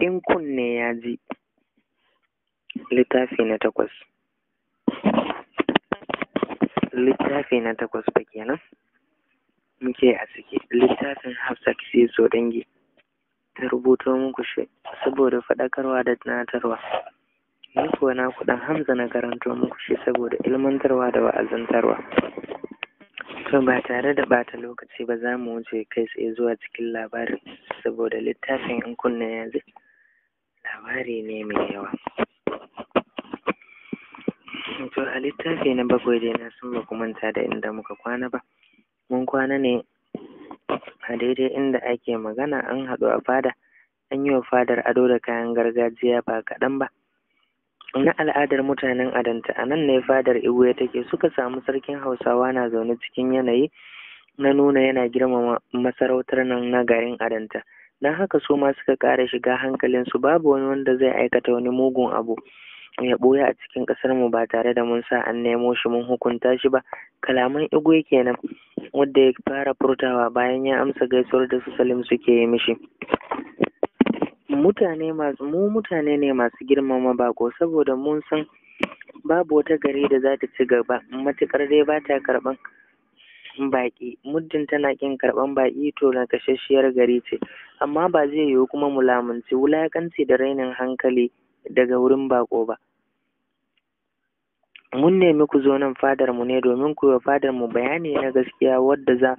in kunne ya ji littafi na takwas littafi na takwas ba kenan muke a ciki littafin hafsat sai so dangi ta rubuto muku shi saboda faɗakarwa da tunatarwa ni kuwa na kuɗin hamza na karanto muku shi saboda ilmantarwa da wa'azantarwa to ba tare da ɓata lokaci ba za mu wuce kai tsaye zuwa cikin labarin saboda littafin in kunne yanzu labari ne mai yawa to a littafi na bakwai dai na san ba ku manta da inda muka kwana ba mun kwana ne a daidai inda ake magana an haɗu a fada an yi wa fadar ado da kayan gargajiya ba kaɗan ba na al'adar mutanen adanta a nan ne fadar igwe take suka samu sarkin hausawa na zaune cikin yanayi na nuna yana girmama masarautar nan na garin adanta don haka su ma suka ƙara shiga hankalinsu babu wani wanda zai aikata wani mugun abu ya ɓoye a cikin ƙasar mu ba tare da mun sa an nemo shi mun hukunta shi ba kalaman igwe kenan wadda ya fara furtawa bayan ya amsa gaisuwar da su salim suke yi mishi mutane masu mu mutane ne masu girmama bako saboda mun san babu wata gari da zata ta ci gaba matuƙar dai ba ta karɓan baƙi muddin tana ƙin karɓan baƙi to na nakasasshiyar gari ce amma ba zai yiwu kuma mu lamunci wulaƙanci da rainin hankali daga wurin baƙo ba mun nemi ku zo nan fadar mu ne domin ku wa fadar mu bayani na gaskiya wadda za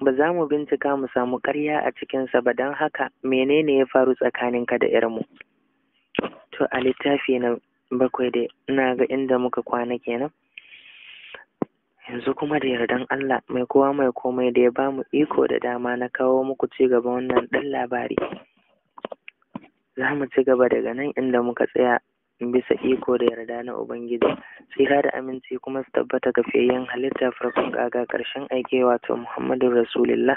ba za mu bincika mu samu ƙarya a cikinsa ba don haka menene ya faru tsakaninka da yarmu to a littafi na bakwai dai ina ga inda muka kwana kenan yanzu kuma da yardan Allah mai kowa mai komai da ya ba mu iko da dama na kawo muku ci gaban wannan ɗan labari za mu ci gaba daga nan inda muka tsaya bisa iko da yarda na Ubangiji tsira da aminci kuma su tabbata ga fiyayyen halitta farkon kaga ƙarshen aike wato Muhammadu Rasulillah.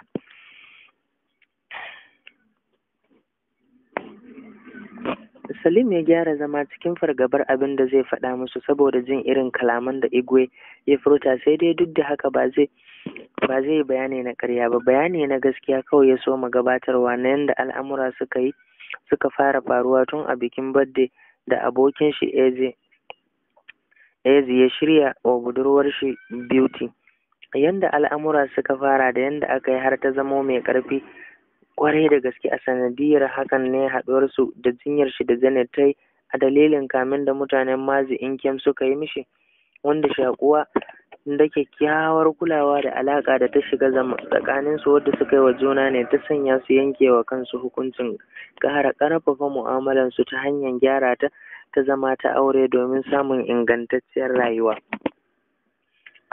Salim ya gyara zama cikin fargabar abin da zai faɗa musu saboda jin irin kalaman da Igwe ya furta sai dai duk da haka ba zai ba zai bayani na ƙarya ba bayani na gaskiya kawai ya so gabatarwa na yadda al'amura suka yi suka fara faruwa tun a bikin birthday da abokin shi Eze Eze ya shirya wa budurwar shi Beauty yanda al'amura suka fara da yanda aka yi har ta zama mai ƙarfi Kwarai da gaske a sanadiyar hakan ne haɗuwarsu da jinyar shi da Janet ta yi a dalilin kamin da mutanen mazi inkem suka yi mishi, wanda shakuwa da kyakkyawar kulawa da alaƙa da ta shiga tsakaninsu wadda suka yi wa juna ne ta sanya su yanke wa kansu hukuncin ƙara ƙarfafa mu'amalarsu ta hanyar gyara ta ta zama ta aure domin samun ingantacciyar rayuwa.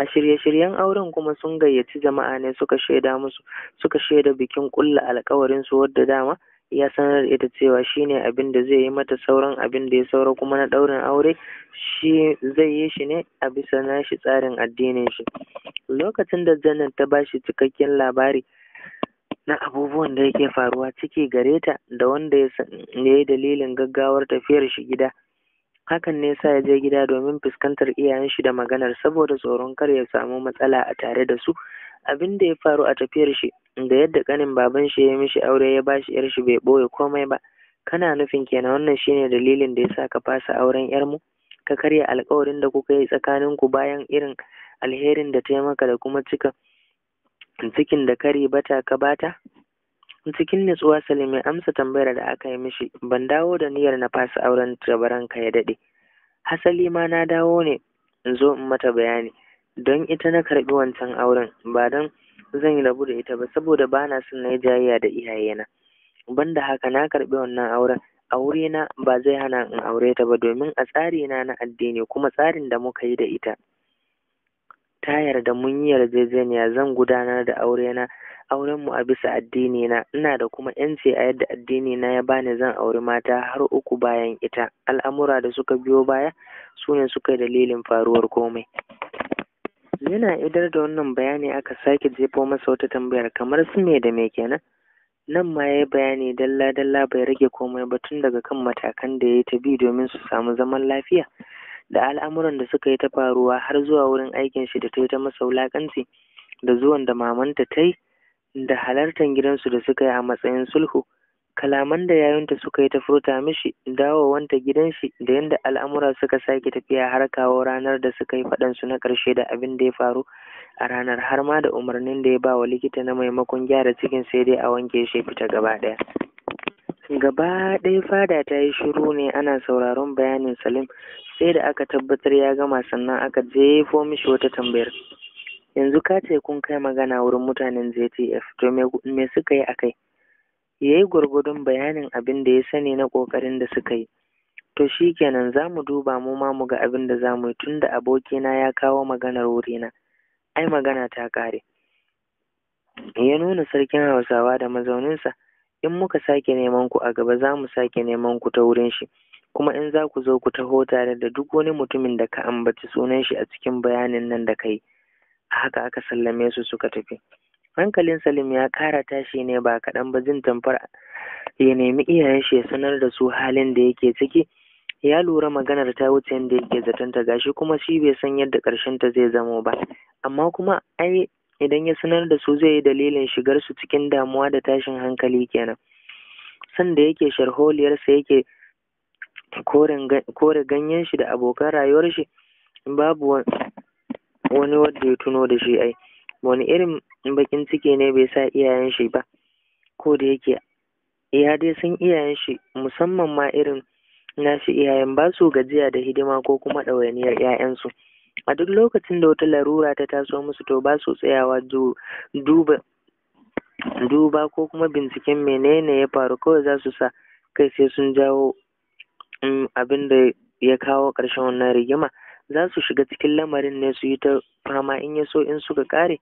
A shirye-shiryen auren kuma sun gayyaci jama'a ne suka shaida musu suka shaida bikin kulla alƙawarin su wadda dama ya sanar ita cewa shine abin da zai yi mata sauran abin da ya saura kuma na ɗaurin aure shi zai yi shi ne a bisa nashi tsarin addinin shi lokacin da janet ta bashi cikakken labari na abubuwan da yake faruwa ciki gare ta da wanda ya yi dalilin gaggawar tafiyar shi gida hakan ne sa ya je gida domin fuskantar iyayen shi da maganar saboda tsoron kar ya samu matsala a tare da su abin da ya faru a tafiyar shi da yadda kanin baban shi ya mishi aure ya bashi yar shi bai boye komai ba kana nufin kenan wannan shine dalilin da ya sa ka fasa auren yar mu ka karya alkawarin da kuka yi tsakanin ku bayan irin alherin da taimaka da kuma cika cikin da kari bata ka bata cikin nutsuwa salim ya amsa tambayar da aka yi mishi ban dawo da niyyar na fasa auren tabaranka ya daɗe hasali ma na dawo ne in zo in mata bayani don ita na karɓi wancan auren ba don zan yi rabu da ita ba saboda ba na son na yi jayayya da iyayena banda haka na karɓi wannan auren wurina ba zai hana in aure ta ba domin a tsarina na addini kuma tsarin da muka yi da ita ta yarda mun yi yarjejeniya zan gudanar da aurena auren mu a bisa addini na ina da kuma yanci a yadda addini na ya bani zan auri mata har uku bayan ita al'amura da suka biyo baya sune suka yi dalilin faruwar komai yana idar da wannan bayani aka sake jefo masa wata tambayar kamar su me da me kenan nan ma ya bayani dalla dalla bai rage komai ba tun daga kan matakan da ya ta bi domin su samu zaman lafiya da al'amuran da suka yi ta faruwa har zuwa wurin aikin shi da ta yi ta masa wulakanci da zuwan da mamanta ta yi da halartar gidansu da suka yi a matsayin sulhu kalaman da yayinta suka yi ta furta mishi dawowanta gidan shi da yadda al'amura suka sake tafiya har kawo ranar da suka yi faɗansu na ƙarshe da abin da ya faru a ranar har ma da umarnin da ya ba wa likita na maimakon gyara cikin sai dai a wanke shi fita gaba ɗaya gaba ɗaya fada ta yi shiru ne ana sauraron bayanin salim sai da aka tabbatar ya gama sannan aka jefo mishi wata tambayar yanzu ka ce kun kai magana wurin mutanen ztf to me suka yi a kai ya yi gwargwadon bayanin abin da ya sani na ƙoƙarin da suka yi to shi kenan za mu duba mu ma mu ga abin da za mu yi tun da abokina ya kawo maganar wurina ai magana ta ƙare ya nuna sarkin hausawa da mazauninsa in muka sake neman ku a gaba za mu sake neman ku ta wurin shi kuma in za ku zo ku taho tare da duk wani mutumin da ka ambaci sunan shi a cikin bayanin nan da kai a haka aka sallame su suka tafi hankalin salim ya kara tashi ne ba kaɗan ba jin tamfar ya nemi iyayen shi ya sanar da su halin da yake ciki ya lura maganar ta wuce yadda yake zaton ta gashi kuma shi bai san yadda ƙarshen ta zai zamo ba amma kuma ai idan ya sanar da su zai yi dalilin shigar su cikin damuwa da tashin hankali kenan sanda yake sharholiyarsa yake kore ganyen shi da abokan rayuwar shi babu wani wanda ya tuno da shi ai wani irin bakin ciki ne bai sa iyayen shi ba ko da yake ya dai sun iyayen shi musamman ma irin nashi iyayen ba su gajiya da hidima ko kuma ɗawainiyar 'ya'yansu. a duk lokacin da wata larura ta taso musu to ba su tsayawa duba duba ko kuma binciken menene ya faru kawai za su sa kai sai sun jawo mm, abin da ya kawo ƙarshen wannan rigima za su shiga cikin lamarin ne su yi ta fama in ya so in suka kare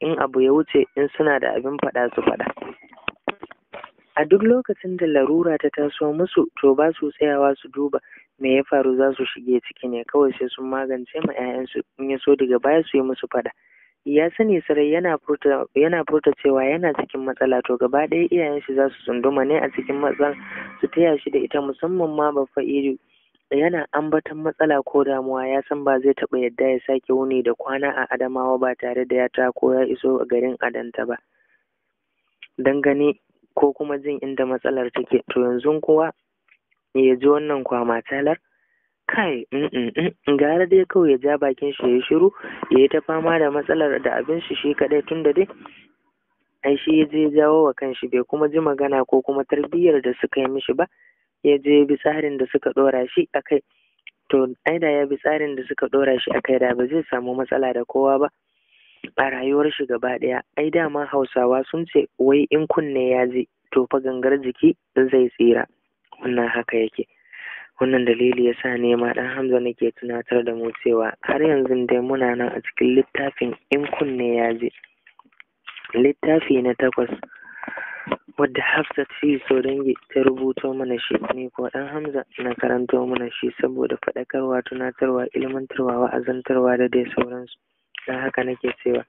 in abu ya wuce in suna da abin faɗa su faɗa a duk lokacin da larura ta taso musu to ba su tsayawa su duba me ya faru za su shige ciki ne kawai sai sun magance ma 'ya'yansu in ya so daga baya su yi musu fada ya sani sarai yana furta yana cewa yana cikin matsala to gaba ɗaya iyayen shi za su tsunduma ne a cikin matsala su taya shi da ita musamman ma babba iri yana ambaton matsala ko damuwa ya san ba zai taɓa yadda ya sake wuni da kwana a adamawa ba tare da ya tako ya iso garin adanta ba don ko kuma jin inda matsalar take to yanzu kuwa ya ji wannan Talar kai gara dai kawai ya ja bakin shi ya shiru ya yi ta fama da matsalar da abin shi shi kadai tun da dai ai shi ya je jawo wa kanshi bai kuma ji magana ko kuma tarbiyyar da suka yi mishi ba ya je ya bi tsarin da suka dora shi a kai to ai da ya bi tsarin da suka dora shi a kai da ba zai samu matsala da kowa ba a rayuwar shi gaba ɗaya ai dama hausawa sun ce wai in kunne ya ji to fa gangar jiki zai tsira wannan haka yake wannan dalili yasa ne ma ɗan Hamza nake tunatar da mu cewa har yanzu dai muna nan a cikin littafin in kunne ya je littafi na takwas wadda hafsa fi so dangi ta rubuto mana shi ne ko ɗan Hamza na karanto mana shi saboda faɗakarwa tunatarwa ilmantarwa wa'azantarwa da dai sauransu don haka nake cewa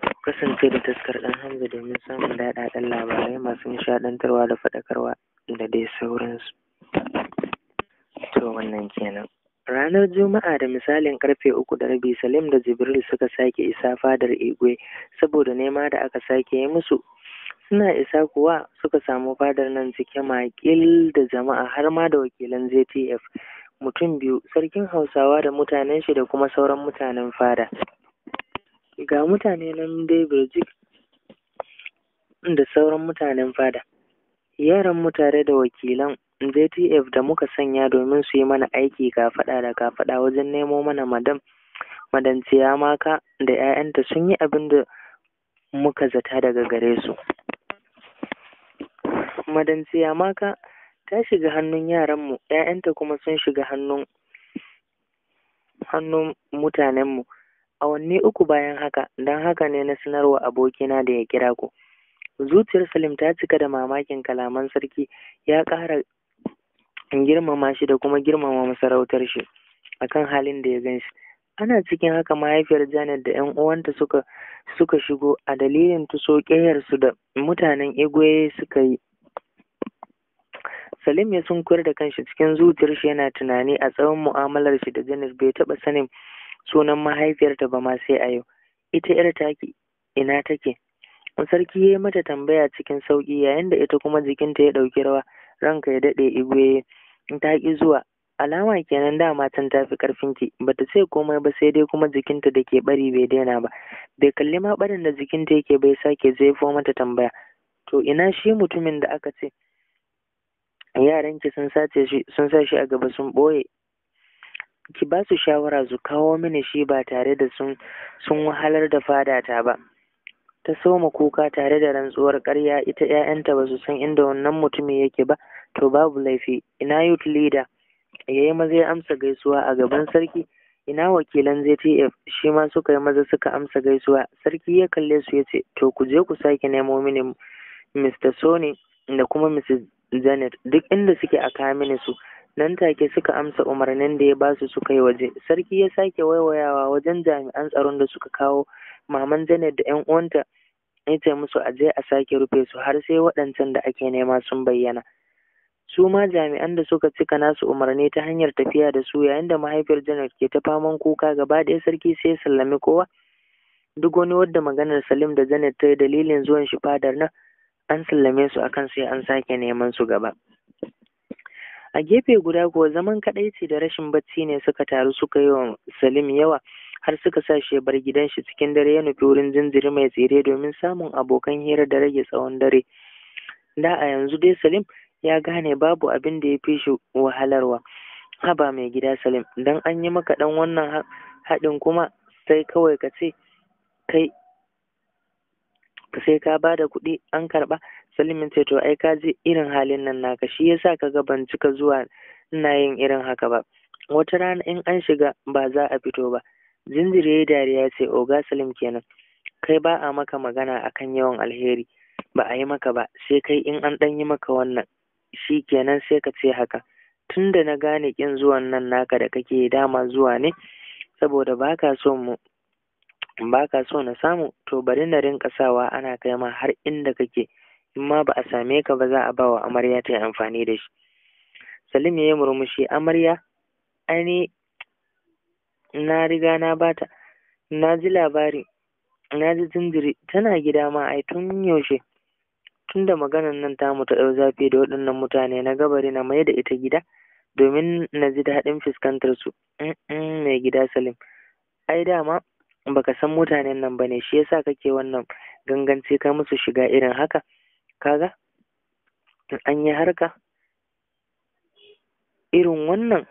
ku kasance da taskar ɗan Hamza domin samun daɗaɗɗen labarai masu nishaɗantarwa da faɗakarwa da dai sauransu to wannan kenan Ranar Juma'a da misalin karfe uku da rabi Salim da Jibril suka sake isa fadar Igwe saboda nema da aka sake yi musu. Suna isa kuwa suka samu fadar nan cike makil da jama'a har ma da wakilan ZTF mutum biyu sarkin Hausawa da mutanen shi da kuma sauran mutanen fada. Ga mutane nan dai Birjik da sauran mutanen fada. yaranmu tare da wakilan JTF da muka sanya domin su yi mana aiki kafaɗa da kafaɗa wajen nemo mana madam madam Maka da 'ya'yanta sun yi abin da muka zata daga gare su. Madam Maka ta shiga hannun yaranmu, 'ya'yanta kuma sun shiga hannun hannun mutanenmu. Awanni uku bayan haka, don haka ne na sanarwa abokina da ya kira ku. zuciyar salim ta cika da mamakin kalaman sarki ya ƙara girmama shi da kuma girmama masarautar shi akan halin da ya gan shi ana cikin haka mahaifiyar janet da yan uwanta suka suka shigo a dalilin tuso su da mutanen igwe suka yi salim ya sunkuyar da kanshi cikin zuciyar shi yana tunani a tsawon mu'amalar shi da janet bai taba sanin sunan mahaifiyarta ba ma sai a yau ita yar taki ina take sarki ya yi mata tambaya cikin sauƙi yayin da ita kuma jikinta ya ɗauki rawa ranka ya daɗe igwe in ta ƙi zuwa alama kenan dama can ta fi ƙarfinki ba ta ce komai ba sai dai kuma jikinta da ke ɓari bai daina ba bai kalli ma ɓarin da jikinta yake bai sake jefo mata tambaya to ina shi mutumin da aka ce yaranki sun sace shi sun sa shi a gaba sun ɓoye ki ba su shawara su kawo mini shi ba tare da sun sun wahalar da fadata ba ta soma kuka tare da rantsuwar ƙarya ita ‘ya'yanta ba su san inda wannan mutumin yake ba to babu laifi ina youth leader ya yi maza ya amsa gaisuwa a gaban sarki ina wakilan ztf shi ma suka yi maza suka amsa gaisuwa sarki ya kalle su ya ce to ku je ku sake nemo mini mr sony da kuma mrs janet duk inda suke a kawo mini su nan take suka amsa umarnin da ya basu su suka yi waje sarki ya sake waiwayawa wajen jami'an tsaron da suka kawo maman Zainab da 'yan uwanta ya ce musu a je a sake rufe su har sai waɗancan da ake nema sun bayyana. Su ma jami'an da suka cika nasu umarni ta hanyar tafiya da su yayin da mahaifiyar Janet ke ta faman kuka gaba ɗaya sarki sai ya sallami kowa. Duk wani wadda maganar Salim da Janet ta yi dalilin zuwan shi fadar nan an sallame su akan sai an sake neman su gaba. A gefe guda kuwa zaman kaɗaici da rashin bacci ne suka taru suka yi wa Salim yawa. har suka sa shi bar gidan shi cikin dare ya nufi wurin zinziri mai tsire domin samun abokan hira da rage tsawon dare da a yanzu dai salim ya gane babu abin da ya fi shi wahalarwa haba mai gida salim dan an yi maka dan wannan haɗin kuma sai kawai ka ce kai sai ka ba da kuɗi an karɓa salim ce to ai ka ji irin halin nan naka shi yasa ka ga ban cika zuwa ina yin irin haka ba wata rana in an shiga ba za a fito ba Jinjiri ya dariya yace ce, Oga Salim kenan, kai ba a maka magana akan yawan alheri, ba a yi maka ba, sai kai in an ɗan yi maka wannan, shi kenan sai ka ce haka. Tunda na gane ƙin zuwan nan naka da kake dama zuwa ne, saboda ba so mu ba so na samu to bari na rinka sawa ana kai ma har inda kake in ma ba a same ka ba za a ba wa amarya ta yi amfani da shi salim ya yi murmushi amarya ani na riga na bata na ji labari na ji jinjiri tana gida ma ai tun yaushe tun da maganan nan tamu ta ɗau zafi da waɗannan mutane na gabari na mai da ita gida domin na ji daɗin fuskantar su mai gida salim ai dama baka san mutanen nan bane shi yasa kake wannan gangance ka musu shiga irin haka kaga an yi harka irin wannan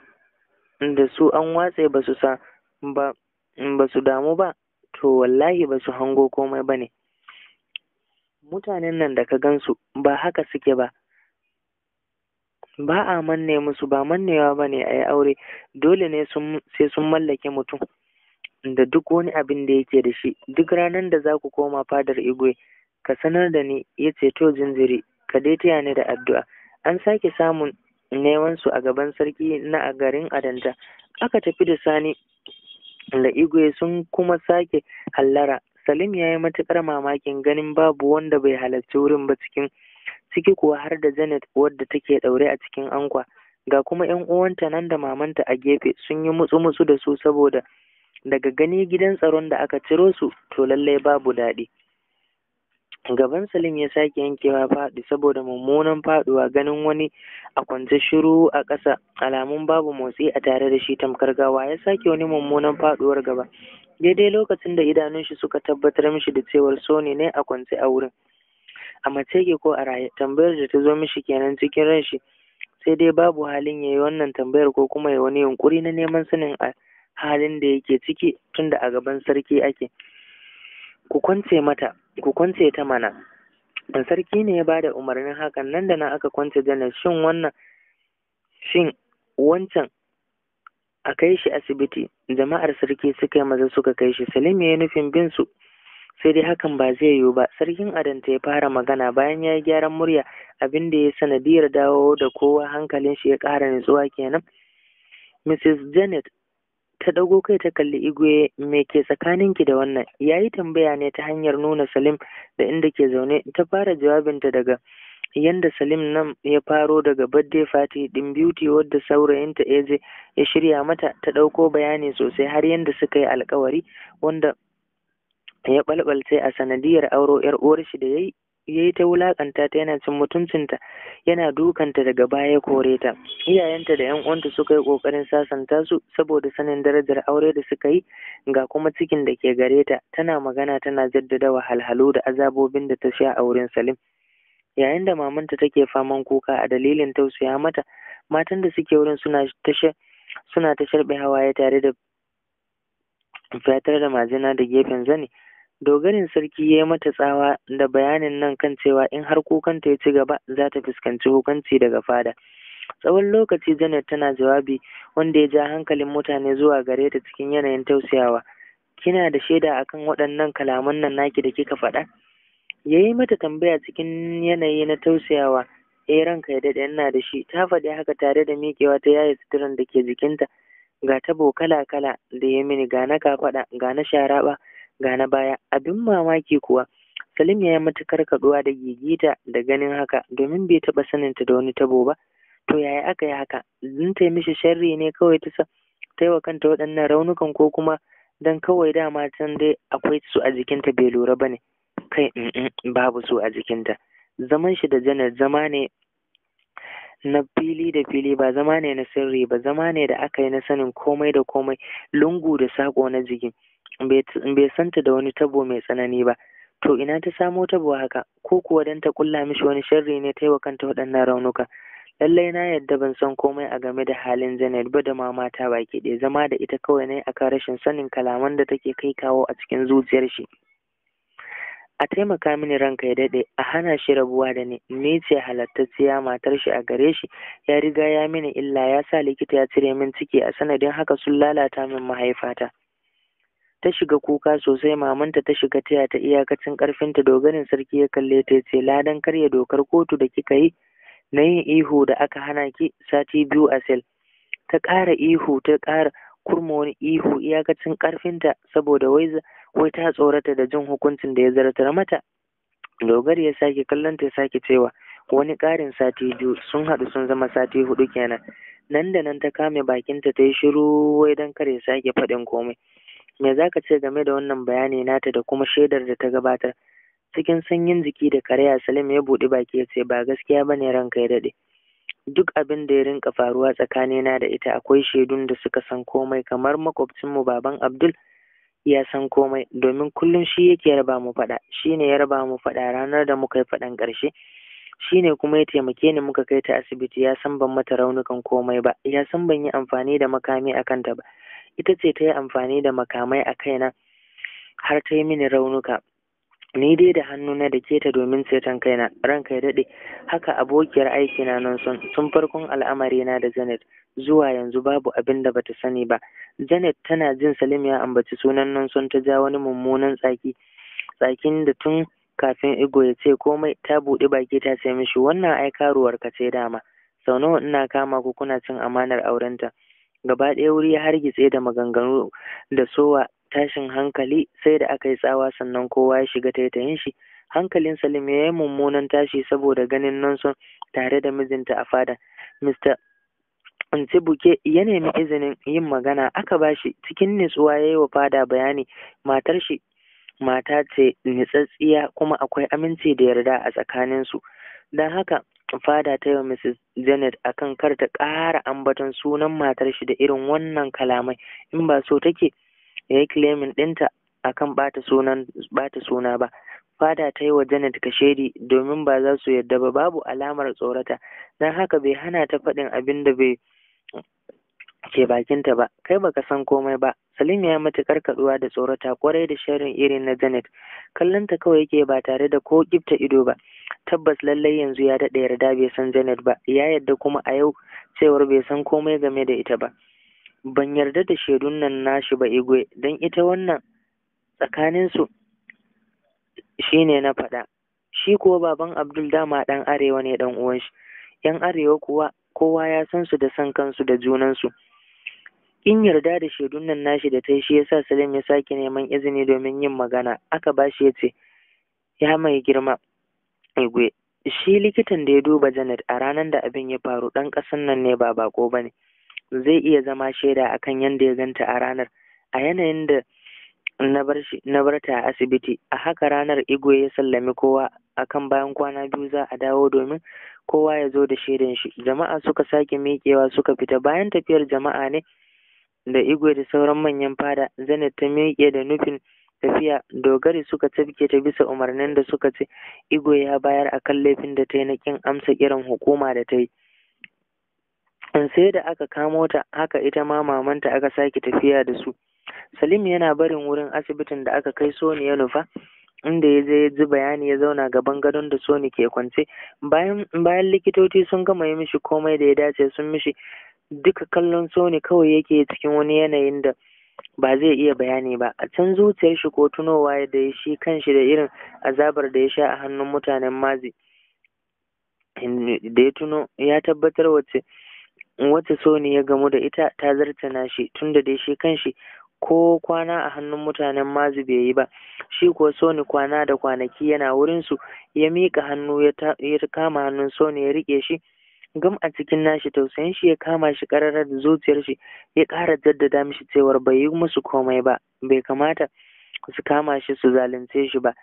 da su an watse ba su sa ba ba su damu ba to wallahi ba su hango komai ba ne mutanen nan da ka gansu ba haka suke ba ba a manne musu ba mannewa ba ne a yi aure dole ne sai sun mallake mutum da duk wani abin da yake da shi duk ranar da za ku koma fadar igwe ka sanar da ni ya ce to jinjiri ka dai taya ni da addu'a an sake samun neman su a gaban sarki na a garin adanta aka tafi da sani da igwe sun kuma sake hallara salim ya yi matukar mamakin ganin babu wanda bai halarci wurin ba cikin ciki kuwa har da janet wadda take daure a cikin ankwa ga kuma yan uwanta nan da mamanta a gefe sun yi mutsu mutsu da su saboda daga gani gidan tsaron da aka ciro su to lallai babu daɗi gaban Salim ya sake yankewa faɗi saboda mummunan faɗuwa ganin wani a kwance shiru a ƙasa alamun babu motsi a tare da shi tamkar gawa ya sake wani mummunan faɗuwar gaba daidai lokacin da idanun shi suka tabbatar mishi da cewar "Sony" ne a kwance a wurin a mace ke ko a raye tambayar da ta zo mishi kenan cikin ran shi sai dai babu halin yayi wannan tambayar ko kuma ya wani yunkuri na neman sanin a halin da yake ciki tunda a gaban sarki ake ku kwance mata ku kwance ta mana da sarki ne ya ba da umarnin hakan nan da nan aka kwance janar shin wannan shin wancan a kai shi asibiti jama'ar sarki suka yi maza suka kai shi salim ya yi nufin bin su sai dai hakan ba zai yiwu ba sarkin adanta ya fara magana bayan ya yi gyaran murya abin da ya sanadiyar dawo da kowa hankalin shi ya ƙara nutsuwa kenan mrs janet ta dago kai ta kalli igwe me ke tsakanin ki da wannan yayi tambaya ne ta hanyar nuna salim da inda ke zaune ta fara jawabinta daga yanda salim nan ya faro daga birthday party din beauty wadda saurayinta eze ya shirya mata ta ɗauko bayani sosai har yanda suka yi alkawari wanda ya balbalce a sanadiyar auro yar uwar shi da yayi ya yi ta wulakanta ta yana cin mutuncinta yana dukanta daga baya ya kore ta iyayenta da yan uwanta suka yi kokarin sasanta su saboda sanin darajar aure da suka yi ga kuma cikin da ke gare ta tana magana tana jaddada wahalhalu da azabobin da ta sha a wurin Salim yayin da mamanta take faman kuka a dalilin tausaya mata matan da suke wurin suna ta suna ta sharbe hawaye tare da fatar da majina da gefen zane Dogarin sarki ya yi mata tsawa da bayanin nan kan cewa in har kukanta ya ci gaba za ta fuskanci hukunci daga fada. Tsawon lokaci Janet tana jawabi wanda ya ja hankalin mutane zuwa gare ta cikin yanayin tausayawa. Kina da shaida akan waɗannan kalaman nan naki da kika faɗa? Ya yi mata tambaya cikin yanayi na tausayawa. Eh ranka ya daɗe ina da shi. Ta faɗi haka tare da miƙewa ta yaye suturan da ke jikinta. Ga tabo kala-kala da ya mini ga na kafaɗa ga na sharaɓa. ga na baya abin mamaki kuwa Salim ya yi matukar kaduwa da gigita da ganin haka domin bai taɓa saninta da wani tabo ba to yaya aka yi haka zan ta mishi sharri ne kawai ta ta wa kanta waɗannan raunukan ko kuma dan kawai dama can dai akwai su a jikinta bai lura ba ne kai babu su a jikinta zaman shi da janar zama ne na fili da fili ba zama ne na sirri ba zama ne da aka yi na sanin komai da komai lungu da sako na jikin bai santa da wani tabo mai tsanani ba to ina ta samo tabo haka ko kuwa dan ta kulla mishi wani sharri ne ta yi wa kanta waɗannan raunuka lallai na yadda ban san komai a game da halin Zainab ba da ma mata baki ɗaya zama da ita kawai ne kan rashin sanin kalaman da take kai kawo a cikin zuciyar shi a taimaka mini ranka ya daɗe a hana shi rabuwa da ni ni ce halattacciya matar shi a gare shi ya riga ya mini illa ya sa likita ya cire min ciki a sanadin haka sun lalata min mahaifata ta shiga kuka sosai mamanta ta shiga taya ta iyakacin karfinta dogarin sarki ya kalle ta ce ladan karya dokar kotu da kika yi na yin ihu da aka hana ki sati biyu a sel ta ƙara ihu ta ƙara kurma wani ihu iyakacin ƙarfinta saboda wai wai ta tsorata da jin hukuncin da ya zartar mata Dogar ya sake kallon ta sake cewa wani ƙarin sati biyu sun haɗu sun zama sati hudu kenan nan da nan ta kame bakinta ta yi shiru wai don kar sake faɗin komai me za ka ce game da wannan bayani nata da kuma shaidar da ta gabatar cikin sanyin jiki da karaya salim ya buɗi baki ya ce ba gaskiya ba ne ranka ya daɗe duk abin da ya rinka faruwa tsakanina da ita akwai shaidun da suka san komai kamar makwabcinmu baban abdul ya san komai domin kullum shi yake raba mu faɗa shi ne ya mu faɗa ranar da muka yi faɗan ƙarshe shi ne kuma ya taimake ni muka kai ta asibiti ya san ban mata raunukan komai ba ya san ban yi amfani da makami a kanta ba ita ce ta yi amfani da makamai a kaina har ta yi mini raunuka ni dai da hannu na da keta domin ceton kaina ranka ya daɗe haka abokiyar aikina nan sun tun farkon al'amari na da janet zuwa yanzu babu abin da bata sani ba janet tana jin salim ya ambaci sunan nan sun ta ja wani mummunan tsaki tsakin da tun kafin igo ya ce komai ta buɗe baki ta sai mishi wannan ai karuwar ka ce dama sau nawa ina kama ku kuna cin amanar aurenta gaba ɗaya wuri ya hargitse da maganganu da sowa tashin hankali sai da aka yi tsawa sannan kowa ya shiga taitayin shi hankalin salim ya yi mummunan tashi saboda ganin nan sun tare da mijinta a fada Mista Ntibuke ya nemi izinin yin magana aka bashi cikin nutsuwa ya yi wa fada bayani matar shi mata ce nitsatsiya kuma akwai aminci da yarda a tsakaninsu don haka fada ta yi wa Mrs. Janet a kan kar ta ƙara ambaton sunan matar shi da irin wannan kalamai in ba so take ya yi claiming ɗinta a kan ɓata suna ba. Fada ta yi wa Janet kashedi domin ba za su yadda ba babu alamar tsorata don haka bai hana ta faɗin abin da bai ke bakinta ba kai baka san komai ba Salim ya matuƙar kaɗuwa da tsorata kwarai da sharrin irin na Janet. Kallonta kawai yake ba tare da ko kifta ido ba. Tabbas lallai yanzu ya daɗa yarda bai san Janet ba, ya yadda kuma a yau cewar bai san komai game da ita ba. Ban yarda da shaidun nan nashi ba Igwe, don ita wannan tsakaninsu shi ne na faɗa. Shi kuwa baban Abdul dama ɗan arewa ne ɗan uwan shi. ‘Yan arewa kuwa kowa ya san su da san kansu da junansu. in yarda da shaidun nan nashi da ta yi shi yasa Salim ya sake neman izini domin yin magana aka bashi ya ce ya mai girma igwe shi likitan da ya duba Janet a ranar da abin ya faru dan kasan nan ne ba bako ba ne zai iya zama shaida akan yadda ya ganta a ranar a yanayin da na bar ta a asibiti a haka ranar igwe ya sallami kowa akan bayan kwana biyu za a dawo domin kowa ya zo da shaidan shi jama'a suka sake mikewa suka fita bayan tafiyar jama'a ne da Igwe da sauran manyan fada, Zainab ta miƙe da nufin tafiya dogari suka tafke ta bisa umarnin da suka ce Igwe ya bayar a kan laifin da ta yi na ƙin amsa kiran hukuma da ta yi. sai da aka kamo ta haka ita ma mamanta aka sake tafiya da su salim yana barin wurin asibitin da aka kai soni ya nufa inda ya je ji bayani ya zauna gaban gadon da soni ke kwance bayan likitoci sun gama yi mishi komai da ya dace sun mishi duka kallon Sony kawai yake cikin wani yanayin da ba zai iya bayani ba a can zuciyar shi ko tunowa da shi kanshi da irin azabar da ya sha a hannun mutanen mazi da ya tuno ya tabbatar wace wace ya gamu da ita ta zartana shi tunda dai shi kanshi ko kwana a hannun mutanen mazu bai yi ba shi ko soni kwana da kwanaki yana wurinsu ya miƙa hannu ya kama hannun soni ya riƙe shi gam a cikin nashi tausayin shi ya kama shi karara da zuciyar shi ya ƙara jaddada mishi cewar bai yi musu komai ba bai kamata su kama shi su zalunce shi ba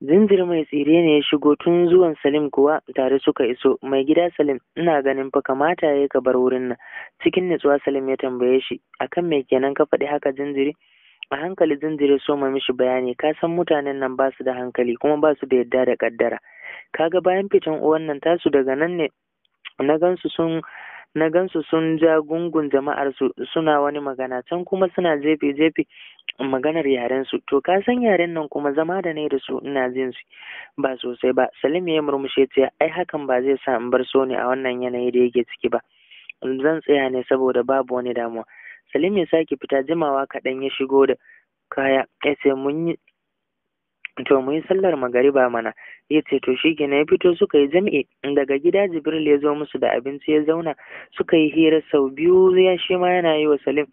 zinjir mai tsire ne ya shigo tun zuwan salim kuwa tare suka iso mai gida salim ina ganin fa kamata ya ka bar wurin nan cikin nutsuwa salim ya tambaye shi akan me kenan ka faɗi haka zinjiri a hankali zinziri so ma mishi bayani ka san mutanen nan ba su da hankali kuma ba su da yadda da kaddara kaga bayan fitan uwan nan tasu daga nan ne na gansu sun na gansu sun ja gungun jama'ar su suna wani magana can kuma suna jefe jefe maganar yaren su to ka san yaren nan kuma zama da ne da su ina jin su ba sosai ba Salim ya murmushe ce ai hakan ba zai sa in bar so ne a wannan yanayi da yake ciki ba zan tsaya ne saboda babu wani damuwa Salim ya sake fita jimawa kaɗan ya shigo da kaya ya ce mun to mu yi sallar magariba mana ya ce to shi gina ya fito suka yi jam'i daga gida jibril ya zo musu da abinci ya zauna suka yi hira sau biyu ya shi ma yana yi wa salim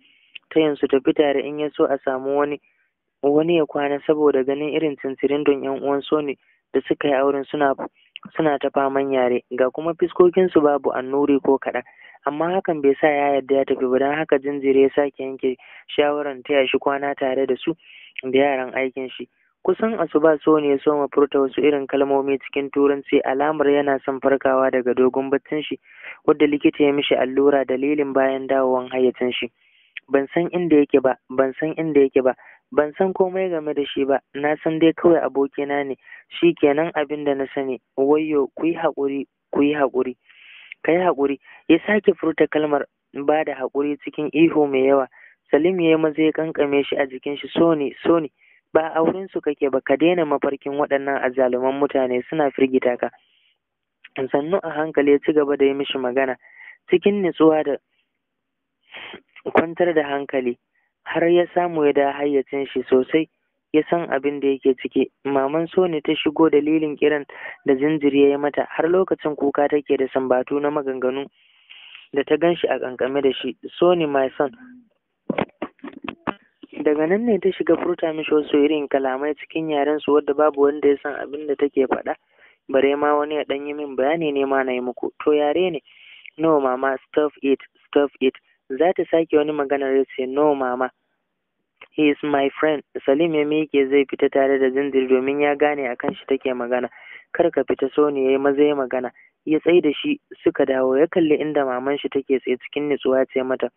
ta yanzu tafi tare in ya so a samu wani wani ya kwana saboda ganin irin tuntirin don yan uwan ne da suka yi auren suna suna ta faman yare ga kuma fiskokinsu babu annuri ko kaɗan amma hakan bai sa ya yarda ya tafi ba don haka jinjiri ya sake yanke shawaran ta shi kwana tare da su da yaran aikin shi kusan asuba so ne so ma furta wasu irin kalmomi cikin turanci alamar yana son farkawa daga dogon baccin shi wadda likita ya mishi allura dalilin bayan dawowan hayyacin shi ban san inda yake ba ban san inda yake ba ban san komai game da shi ba na san dai kawai abokina ne shi kenan abin da na sani wayyo ku yi haƙuri ku yi haƙuri ka yi haƙuri ya sake furta kalmar ba da haƙuri cikin ihu mai yawa salim ya yi maza ya kankame shi a jikin shi so ne so ne ba a wurin su kake ba ka daina mafarkin waɗannan azzaluman mutane suna firgita ka sannu a hankali ya ci gaba da yi mishi magana cikin nutsuwa da kwantar da hankali har ya samu ya da hayyacin shi sosai ya san abin da yake ciki maman soni ta shigo dalilin kiran da jinjiri ya yi mata har lokacin kuka take da sambatu na maganganu da ta ganshi a kankame da shi soni my son daga nan ne ta shiga furta mishi wasu irin kalamai cikin yaren su wadda babu wanda ya san abin da take faɗa bare ma wani ya ɗan yi min bayani ne ma na yi muku to yare ne no mama stuff it stuff it za ta sake wani maganar ya ce no mama he is my friend salim ya miƙe zai fita tare da zinziri domin ya gane a kan shi take magana kar ka fita so ne ya yi maza ya magana ya tsai da shi suka dawo ya kalli inda maman shi take tsaye cikin nutsuwa ce mata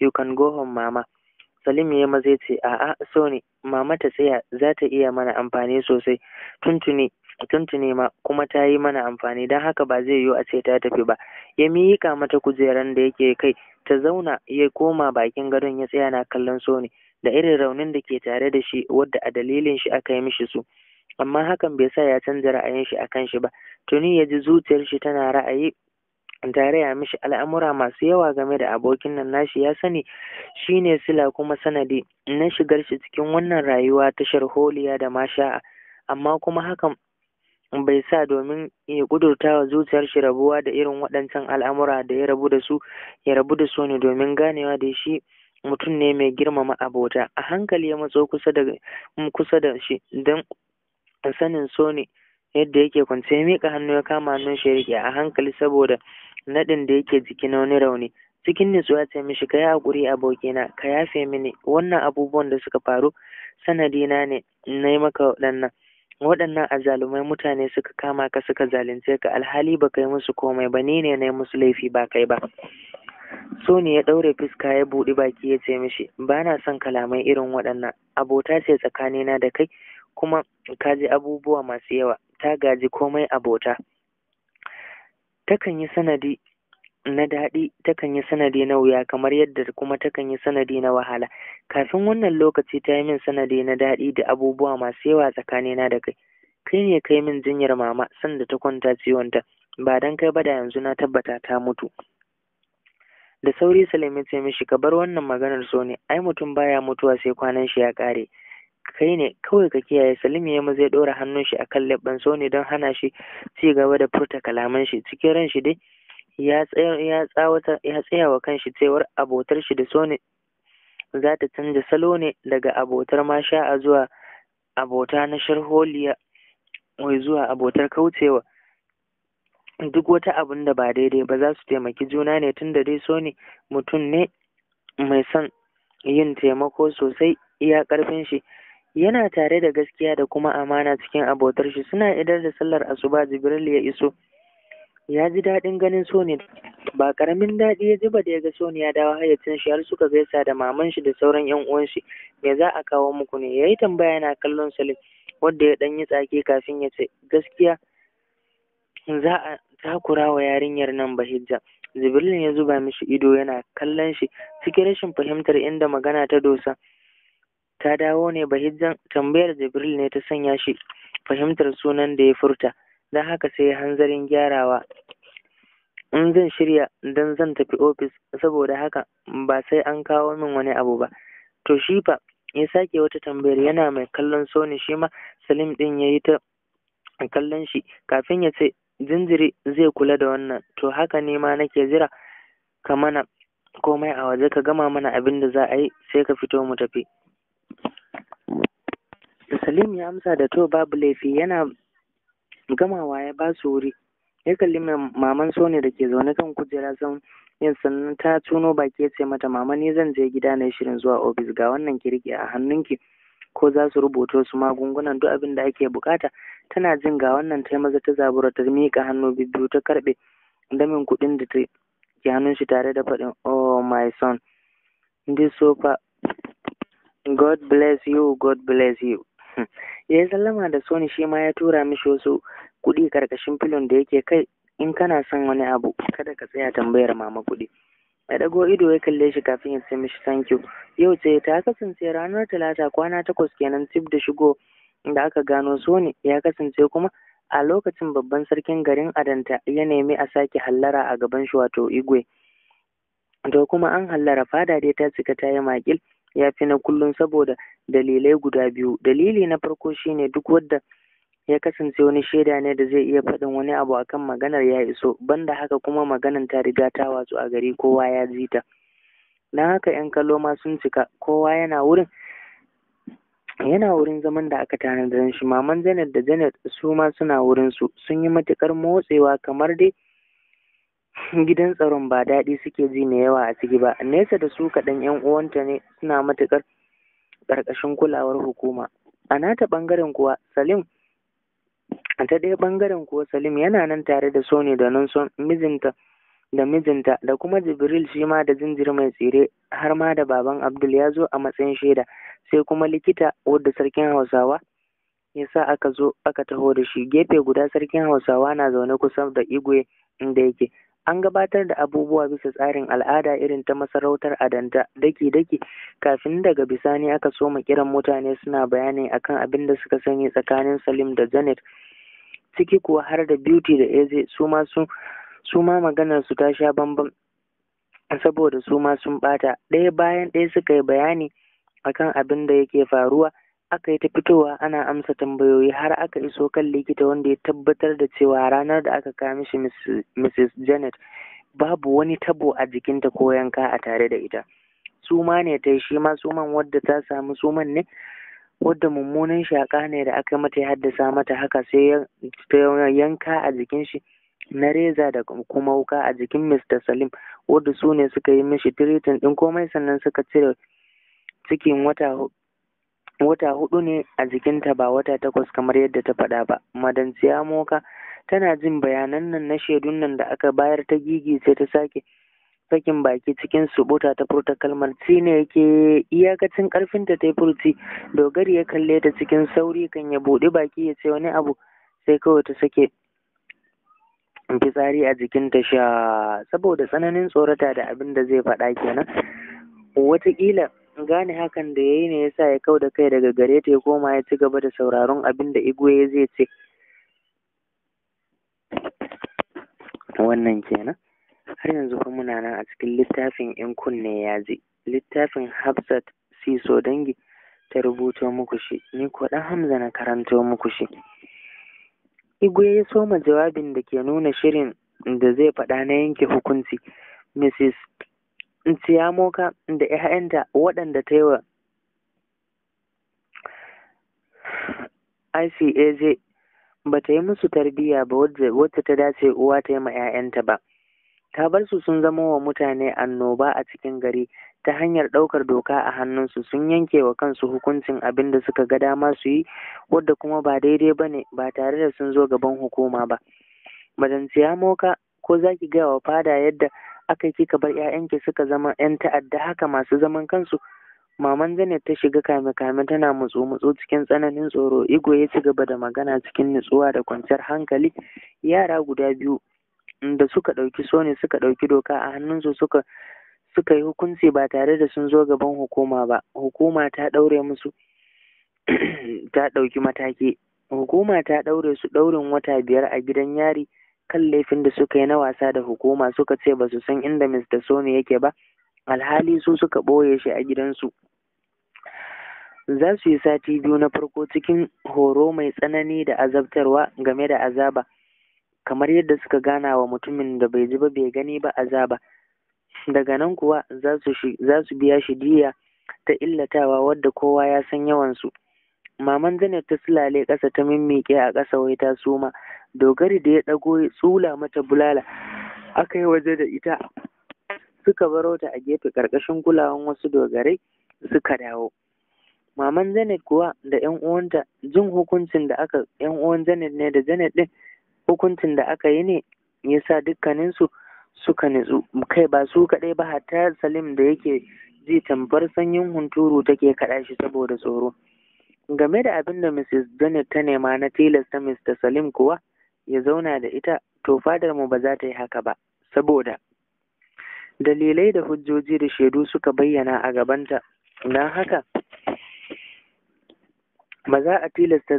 you can go home mama Salim ya maza ce a'a so ne mama ta tsaya za ta iya mana amfani sosai tuntuni tuntuni ma kuma ta yi mana amfani don haka ba zai yiwu a ce ta tafi ba ya miƙa mata kujeran da yake kai ta zauna ya koma bakin gadon ya tsaya na kallon so ne da irin raunin da ke tare da shi wadda a dalilin shi aka yi mishi su amma hakan bai sa ya canza ra'ayin shi a kan shi ba tuni ya ji zuciyar shi tana ra'ayi Tare, ya mishi al'amura masu yawa game da abokin nan nashi ya sani shi ne sila kuma sanadi na shigar shi cikin wannan rayuwa ta sharholiya da sha'a, amma kuma hakan bai sa domin ya kudurta wa zuciyar shi rabuwa da irin waɗancan al'amura da ya rabu da su ya rabu da su ne domin ganewa da shi mutum ne mai girmama abota a hankali ya matso kusa da kusa da shi don sanin so ne yadda yake kwance ya miƙa hannu ya kama hannun shi riƙe a hankali saboda naɗin da yake jiki na wani rauni cikin nutsuwa ce mishi kai haƙuri abokina ka yafe mini wannan abubuwan da suka faru sanadina ne na yi maka waɗannan waɗannan azalumai mutane suka kama ka suka zalunce ka alhali ba kai musu komai ba ni ne na yi musu laifi ba kai ba so ne ya ɗaure fuska ya buɗi baki ya ce mishi ba na son kalamai irin waɗannan abota ce tsakanina da kai kuma ka ji abubuwa masu yawa ta gaji komai abota takan yi sanadi na daɗi takan yi sanadi na wuya kamar yadda kuma takan yi sanadi na wahala kafin wannan lokaci ta yi min sanadi na daɗi da abubuwa masu yawa tsakanina da kai kai ne kai min jinyar mama sanda ta kwanta ciwonta ba dan kai ba da yanzu na tabbata ta mutu da sauri Salim ya ce mishi ka bar wannan maganar so ne ai mutum baya mutuwa sai kwanan shi ya kare kai ne kawai ka kiyaye salim ya maza ya ɗora hannun shi akan so ne don hana shi ci gaba da furta kalaman shi cikin ran shi dai ya tsaya wa kanshi cewar abotar shi da soni za ta canza salo ne daga abotar a zuwa abota na sharholiya wai zuwa abotar kaucewa duk wata abun da ba daidai ba za su taimaki juna ne tun da dai soni mutum ne mai son yin taimako sosai iya ƙarfin shi yana tare da gaskiya da kuma amana cikin abotar shi suna idar da sallar asuba jibril ya iso ya ji daɗin ganin sone ba karamin daɗi ya ji ba da ya ga soni ya dawo hayyacin shi har suka gaisa da maman shi da sauran yan uwan shi me za a kawo muku ne yayi tambaya yana kallon salim wanda ya ɗan yi tsaki kafin ya ce gaskiya za a takura wa yarinyar nan ba hijja. jibril ya zuba mishi ido yana kallon shi cikin rashin fahimtar inda magana ta dosa ta dawo ne bahijjan tambayar jibril ne ta sanya shi fahimtar sunan da ya furta don haka sai hanzarin gyarawa in zan shirya don zan tafi ofis saboda haka ba sai an kawo min wani abu ba to shi fa ya sake wata tambayar yana mai kallon soni shi ma salim din ya yi ta kallon shi kafin ya ce jinjiri zai kula da wannan to haka ne ma nake jira ka mana komai a waje ka gama mana abin da za a yi sai ka fito mu tafi Salim ya amsa da to babu laifi yana gamawa ya ba su wuri. Ya kalli maman ne da ke zaune kan kujera sun yin sannan ta tuno baki ya ce mata mama ni zan je gida na shirin zuwa ofis ga wannan kirki a hannunki ko za su rubuto su magungunan duk abin da ake bukata tana jin ga wannan ta maza ta zabura ta miƙa hannu biyu ta karɓe damin kuɗin da ta ke hannun shi tare da faɗin oh my son this sofa god bless you god bless you ya yi sallama da soni shi ma ya tura mishi wasu kuɗi karkashin filon da yake kai in kana son wani abu kada ka tsaya tambayar mama kuɗi ya ɗago ido ya kalle shi kafin ya ce mishi thank you yau ce ta kasance ranar talata kwana takwas kenan tip da shigo da aka gano soni ya kasance kuma a lokacin babban sarkin garin adanta ya nemi a sake hallara a gaban shi wato igwe to kuma an hallara fada dai ta cika ta yi makil ya fi na kullum saboda dalilai guda biyu dalili na farko shine duk wadda ya kasance wani shaida ne da zai iya faɗin wani abu akan maganar ya iso banda haka kuma maganar ta riga ta watsu a gari kowa ya ji ta dan haka yan kallo ma sun cika kowa yana wurin yana wurin zaman da aka tanadar shi maman janet da janet su ma suna wurin su sun yi matukar motsewa kamar dai gidan tsaron ba daɗi suke ji mai yawa a ciki ba nesa da su kaɗan yan uwanta ne suna matuƙar ƙarƙashin kulawar hukuma a nata ɓangaren kuwa salim a ta ɗaya ɓangaren kuwa salim yana nan tare da sony da nonson mijinta da mijinta da kuma jibril shi ma da jinjiri mai tsire har ma da baban abdul ya zo a matsayin shaida sai kuma likita wadda sarkin hausawa ya sa aka zo aka taho da shi gefe guda sarkin hausawa na zaune kusa da igwe inda yake An gabatar da abubuwa bisa tsarin al'ada irin ta masarautar Adanta daki-daki kafin daga bisani aka soma kiran mutane suna bayani akan abin da suka sani tsakanin Salim da Janet ciki kuwa har da Beauty da Eze su ma sun su maganar su ta sha bambam saboda su ma sun bata ɗaya bayan ɗaya suka yi bayani akan abin da yake faruwa aka yi ta fitowa ana amsa tambayoyi har aka iso kan likita wanda ya tabbatar da cewa ranar da aka kawo mishi Mrs. Janet babu wani tabo a jikinta ko yanka a tare da ita. Suma ne ta shi ma suman wadda ta samu suman ne wadda mummunan shaƙa ne da aka mata ya haddasa mata haka sai ta yanka a jikin shi na reza da kuma wuka a jikin Mr. Salim wadda su ne suka yi mishi tiritin ɗin komai sannan suka cire cikin wata wata hudu ne a jikinta ba wata takwas kamar yadda ta faɗa ba madan moka tana jin bayanan nan na shaidun nan da aka bayar ta gigi sai ta sake sakin baki cikin subuta ta furta kalmar ci yake iyakacin karfinta ta furci dogari ya kalle ta cikin sauri kan ya buɗi baki ya ce wani abu sai kawai ta sake fitsari a jikinta sha saboda tsananin tsorata da abin da zai faɗa kenan watakila. Gane hakan da ya yi ne ya sa ya kau da kai daga gare ta ya koma ya ci gaba da sauraron abin da Igwe zai ce. Wannan kenan. Har yanzu kuma muna nan a cikin littafin in kunne ya ji, littafin Hafsat Siso dangi ta rubuto muku shi, ni ko ɗan Hamza na karanto muku shi. Igwe ya soma jawabin da ke nuna shirin da zai faɗa na yanke hukunci. Mrs. moka da ‘ya'yanta waɗanda ta yi wa ICAJ ba ta yi musu tarbiyya ba wacce ta dace uwa ta yi ma ‘ya'yanta ba. Ta bar su sun zama wa mutane annoba a cikin gari ta hanyar ɗaukar doka a hannunsu sun yanke wa kansu hukuncin abin da suka ga dama su yi wadda kuma ba daidai ba ne ba tare da sun zo gaban hukuma ba. badanciya moka ko za ki gaya wa fada yadda aka yi kika bar 'ya'yanki suka zama 'yan ta'adda haka masu zaman kansu maman zainab ta shiga kame kame tana mutsu mutsu cikin tsananin tsoro igo ya ci gaba da magana cikin nutsuwa da kwanciyar hankali yara guda biyu da suka ɗauki sone suka ɗauki doka a hannunsu suka suka yi hukunci ba tare da sun zo gaban hukuma ba hukuma ta ɗaure musu ta ɗauki mataki hukuma ta ɗaure su ɗaurin wata biyar a gidan yari kan laifin da suka yi na wasa da hukuma suka ce ba su san inda Mr. Sony yake ba alhali su suka ɓoye shi a gidansu za su yi sati biyu na farko cikin horo mai tsanani da azabtarwa game da azaba kamar yadda suka gana wa mutumin da bai ji ba bai gani ba azaba daga nan kuwa za su biya shi diya ta illatawa wadda kowa ya san yawansu maman Zainab ta sulale ƙasa ta mimmiƙe a ƙasa wai ta suma dogari da ya ɗago ya tsula mata bulala aka yi waje da ita suka baro ta a gefe ƙarƙashin kulawan wasu dogarai suka dawo maman Zainab kuwa da ƴan uwanta jin hukuncin da aka ƴan uwan Zainab ne da Zainab din hukuncin da aka yi ne ya yasa dukkaninsu suka nutsu kai ba su kaɗai ba hatta Salim da yake ji tambar sanyin hunturu take kaɗa shi saboda tsoro game da abin da Mrs. Bennet ta nema na tilasta Mr. Salim kuwa ya zauna da ita to fadar mu ba za ta yi haka ba saboda dalilai da hujjoji da shaidu suka bayyana a gabanta don haka ba za a tilasta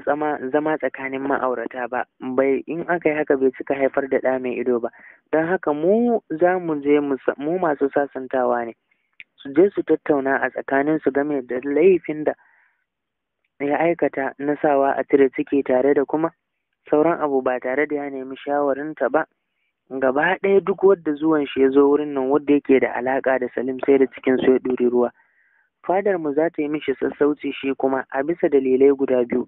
zama tsakanin ma'aurata ba bai in aka yi haka bai cika haifar da ɗa mai ido ba don haka mu za mu je mu masu sasantawa ne su je su tattauna a tsakanin su game da laifin da ya aikata na sawa a cire ciki tare da kuma sauran abu ba tare da ya nemi shawarinta ba gaba ɗaya duk wadda zuwan shi ya zo wurin nan wadda yake da alaƙa da salim sai da cikin su ya ɗuri ruwa fadar mu za ta yi mishi sassauci shi kuma a bisa dalilai guda biyu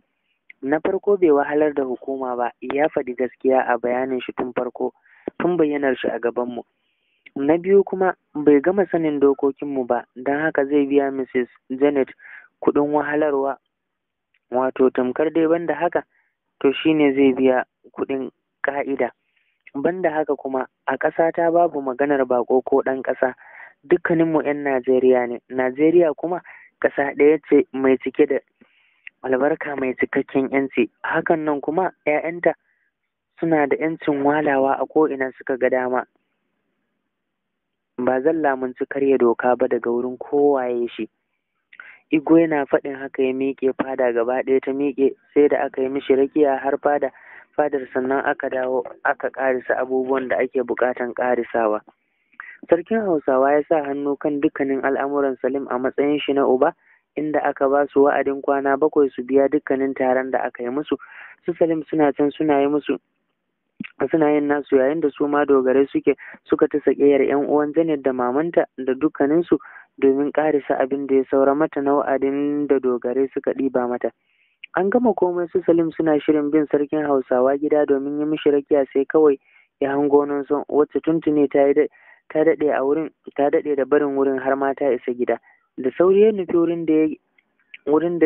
na farko bai wahalar da hukuma ba ya faɗi gaskiya a bayanin shi tun farko tun bayyanar shi a gaban mu na biyu kuma bai gama sanin dokokin mu ba don haka zai biya mrs janet kuɗin wahalarwa wato tamkar dai banda haka to shine zai biya kuɗin ƙa'ida banda haka kuma a ƙasa ta babu maganar baƙo ko ɗan ƙasa dukkaninmu 'yan najeriya ne najeriya kuma ƙasa ɗaya ce mai cike da albarka mai cikakken 'yanci hakan nan kuma 'ya'yanta suna da 'yancin walawa a ko'ina suka ga dama ba zan lamunci karya doka ba daga wurin kowaye shi Igwe yana faɗin haka ya miƙe fada gaba ɗaya ta miƙe sai da aka yi mishi rakiya har fada fadar sannan aka dawo aka ƙarisa abubuwan da ake buƙatan ƙarisawa. Sarkin Hausawa ya sa hannu kan dukkanin al'amuran Salim a matsayin shi na uba inda aka ba su wa'adin kwana bakwai su biya dukkanin taron da aka yi musu. Su Salim suna can suna yi musu suna yin nasu yayin da su ma dogarai suke suka ta yar 'yan uwan janet da mamanta da dukkaninsu domin ƙarisa abin da ya saura mata na wa'adin da dogarai suka ɗiba mata. An gama komai su Salim suna shirin bin sarkin Hausawa gida domin yi mishi rakiya sai kawai ya hango nonson wacce tuntune ta daɗe a wurin ta daɗe da barin wurin har ma ta isa gida. Da sauri ya nufi wurin da ya wurin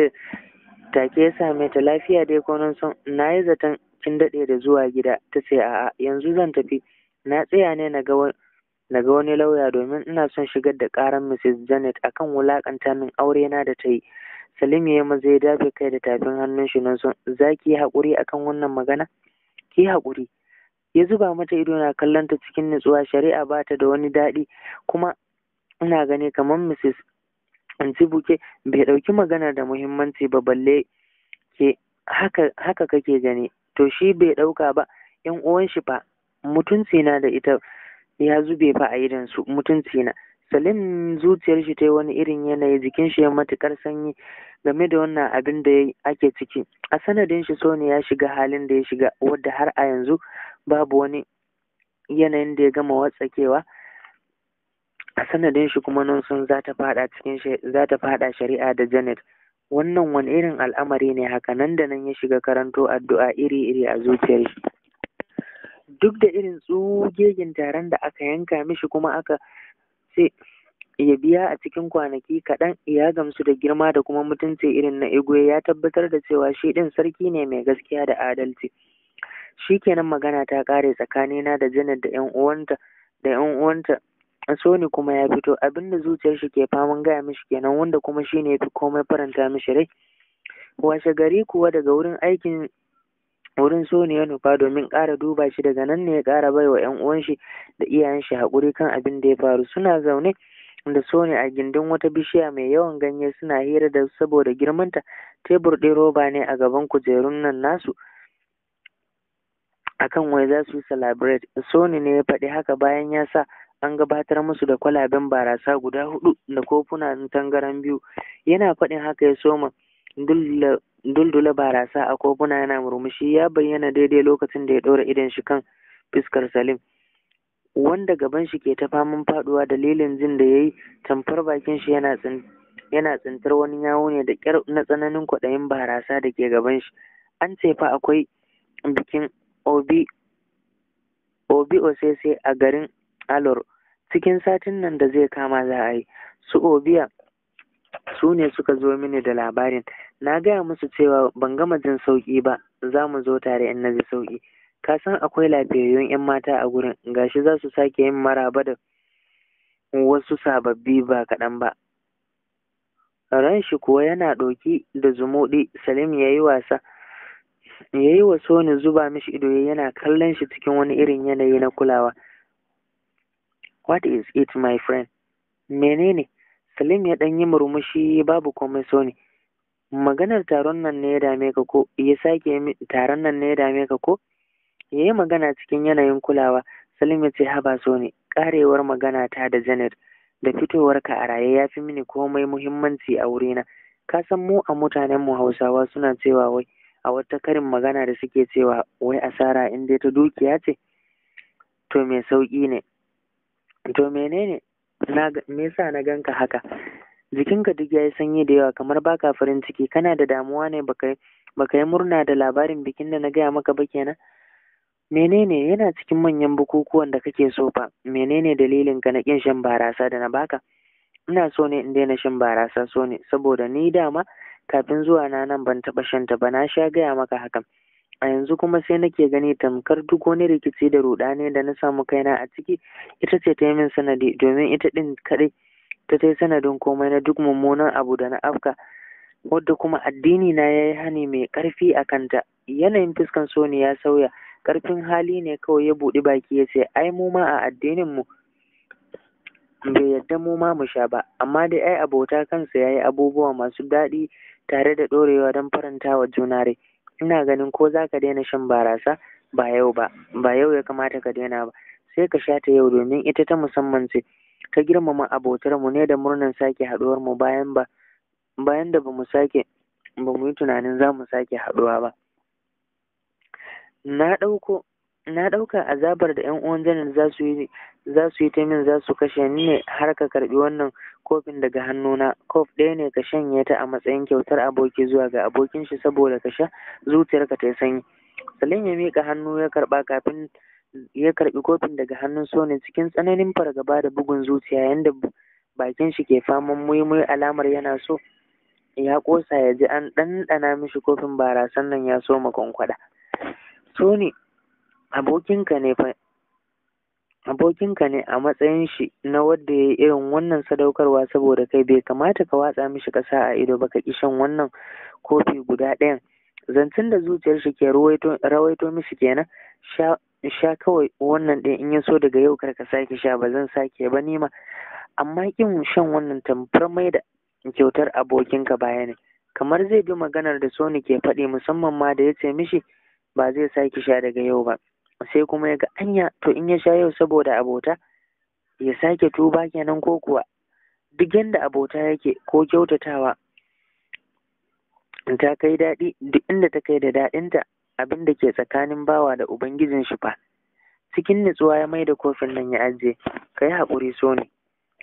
take ya same ta lafiya dai ko nonson na yi zaton kin daɗe da zuwa gida ta ce a'a yanzu zan tafi na tsaya ne na ga wani daga wani lauya domin ina son shigar da ƙarar Mrs. Janet akan wulakanta min aure na da ta yi. Salim ya maza ya dafe kai da tafin hannun shi nan son za ki yi haƙuri a kan wannan magana? Ki haƙuri. Ya zuba mata ido na kallon ta cikin nutsuwa shari'a ba ta da wani daɗi kuma ina gani kamar Mrs. buke bai ɗauki magana da muhimmanci ba balle ke haka kake gani to shi bai ɗauka ba 'yan uwanshi fa mutunci na da ita ya zube fa a su mutunci na salim zuciyar shi ta yi wani irin yanayi jikin shi ya matukar sanyi game da wannan abin da ake ciki a sanadin shi so ne ya shiga halin da ya shiga wadda har a yanzu babu wani yanayin da ya gama watsakewa a sanadin shi kuma nonson za ta fada cikin za ta fada shari'a da janet wannan wani irin al'amari ne haka nan da nan ya shiga karanto addu'a iri-iri a zuciyar shi duk da irin tsugegen taron da aka yanka mishi kuma aka ce ya biya a cikin kwanaki kaɗan ya gamsu da girma da kuma mutunci irin na igwe ya tabbatar da cewa shi ɗin sarki ne mai gaskiya da adalci shi kenan magana ta ƙare tsakanina da janet da 'yan uwanta da 'yan uwanta Sony kuma ya fito abinda zuciyar shi ke faman gaya mishi kenan wanda kuma shi ne ya fi komai faranta mishi rai washe gari kuwa daga wurin aikin wurin so ne ya nufa domin ƙara duba shi daga nan ne ya ƙara bai wa 'yan uwan shi da iyayen shi haƙuri kan abin da ya faru suna zaune da so ne a gindin wata bishiya mai yawan ganye suna hira da saboda girmanta tebur ɗin roba ne a gaban kujerun nan nasu akan wai za su yi celebrate sony ne ya faɗi haka bayan ya sa an gabatar musu da kwalaben barasa guda hudu da kofuna tangaran biyu yana faɗin haka ya soma dulla duldula barasa a kofuna yana murmushi ya bayyana daidai lokacin da ya ɗora idon shi kan fiskar Salim. Wanda gaban shi ke ta faman faduwa, dalilin jin da ya yi tamfar bakin shi yana yana tsintar wani yawo ne da ƙyar na tsananin kwaɗayin barasa da ke gaban shi. An ce fa akwai bikin Obi Obi Osese a garin Alor cikin satin nan da zai kama za yi. Su Obiya su ne suka zo mini da labarin na gaya musu cewa ban gama jin sauƙi ba za mu zo tare in na ji sauƙi ka san akwai lafiyayyun 'yan mata a gurin gashi za su sake yin maraba da wasu sababbi ba kaɗan ba ran shi kuwa yana ɗauki da zumuɗi salim ya yi wasa ya yi wa soni zuba mishi ido yana kallon shi cikin wani irin yanayi na kulawa what is it my friend menene salim ya ɗan yi murmushi babu komai soni maganar taron nan ne ya dame ka ko ya sake taron nan ne ya dame ka ko ya yi magana cikin yanayin kulawa salim ya ce haba so ne karewar magana ta da janet da fitowarka a raye ya fi mini komai muhimmanci a wurina ka san mu a mutanen mu hausawa suna cewa wai a wata karin magana da suke cewa wai asara in dai ta dukiya ce to me sauki ne to menene me yasa na ganka haka jikinka duk yi sanyi da yawa kamar baka farin ciki kana da damuwa ne baka yi murna da labarin bikin da na gaya maka ba kenan menene yana cikin manyan bukukuwan da kake so fa menene dalilin ka na kin shan barasa da na baka ina so ne in daina shan barasa so ne saboda ni dama kafin zuwa na nan ban taba shan ta ba na sha gaya maka hakan a yanzu kuma sai nake gani tamkar duk wani rikici da rudani da na samu kaina a ciki ita ce ta yi min sanadi domin ita din kaɗai ta ta sanadin komai na duk mummunan abu da na afka wadda kuma addini na ya yi hani mai ƙarfi a kanta yanayin fuskan soni ya sauya ƙarfin hali ne kawai ya buɗi baki ya ce ai mu ma a addinin mu bai yadda mu ma mu sha ba amma dai ai abota kansa ya yi abubuwa masu daɗi tare da ɗorewa don faranta wa juna rai ina ganin ko za ka daina shan barasa ba yau ba ba yau ya kamata ka daina ba sai ka sha ta yau domin ita ta musamman ce ta girmama abotar mu ne da murnan sake haɗuwar mu bayan ba bayan da bamu sake bamu yi tunanin za mu sake haɗuwa ba na ɗauko na ɗauka azabar da 'yan uwan janar za su yi za yi ta min za su kashe ni ne har ka karɓi wannan kofin daga hannuna kof ɗaya ne ka shanye ta a matsayin kyautar aboki zuwa ga abokin shi saboda ka sha zuciyarka ta yi sanyi salim ya miƙa hannu ya karɓa kafin ya karbi kofin daga hannun Sony cikin tsananin fargaba da bugun zuciya yanda bakin shi ke faman muimui alamar yana so ya kosa ya ji an ɗanɗana mishi kofin barasan nan ya so makonkwaɗa. Sony abokinka ne fa abokinka ne a matsayin shi na wadda ya yi irin wannan sadaukarwa saboda kai bai kamata ka watsa mishi ƙasa a ido ba ka kishin wannan kofi guda ɗayan zancen da zuciyar shi ke rawaito mishi kenan sha kawai wannan ɗin in ya so daga yau kar sake sha ba zan sake ba nima. amma kin shan wannan tamfar mai da kyautar abokinka baya ne kamar zai bi maganar da soni ke faɗi musamman ma da ya ce mishi ba zai sake sha daga yau ba sai kuma ya ga anya to in ya sha yau saboda abota ya sake tuba kenan ko kuwa duk yanda abota yake ko kyautatawa ta kai daɗi duk inda ta kai da daɗinta abin da ke tsakanin bawa da ubangijin shi fa cikin nutsuwa ya maida kofin nan ya ajiye ka yi haƙuri so ne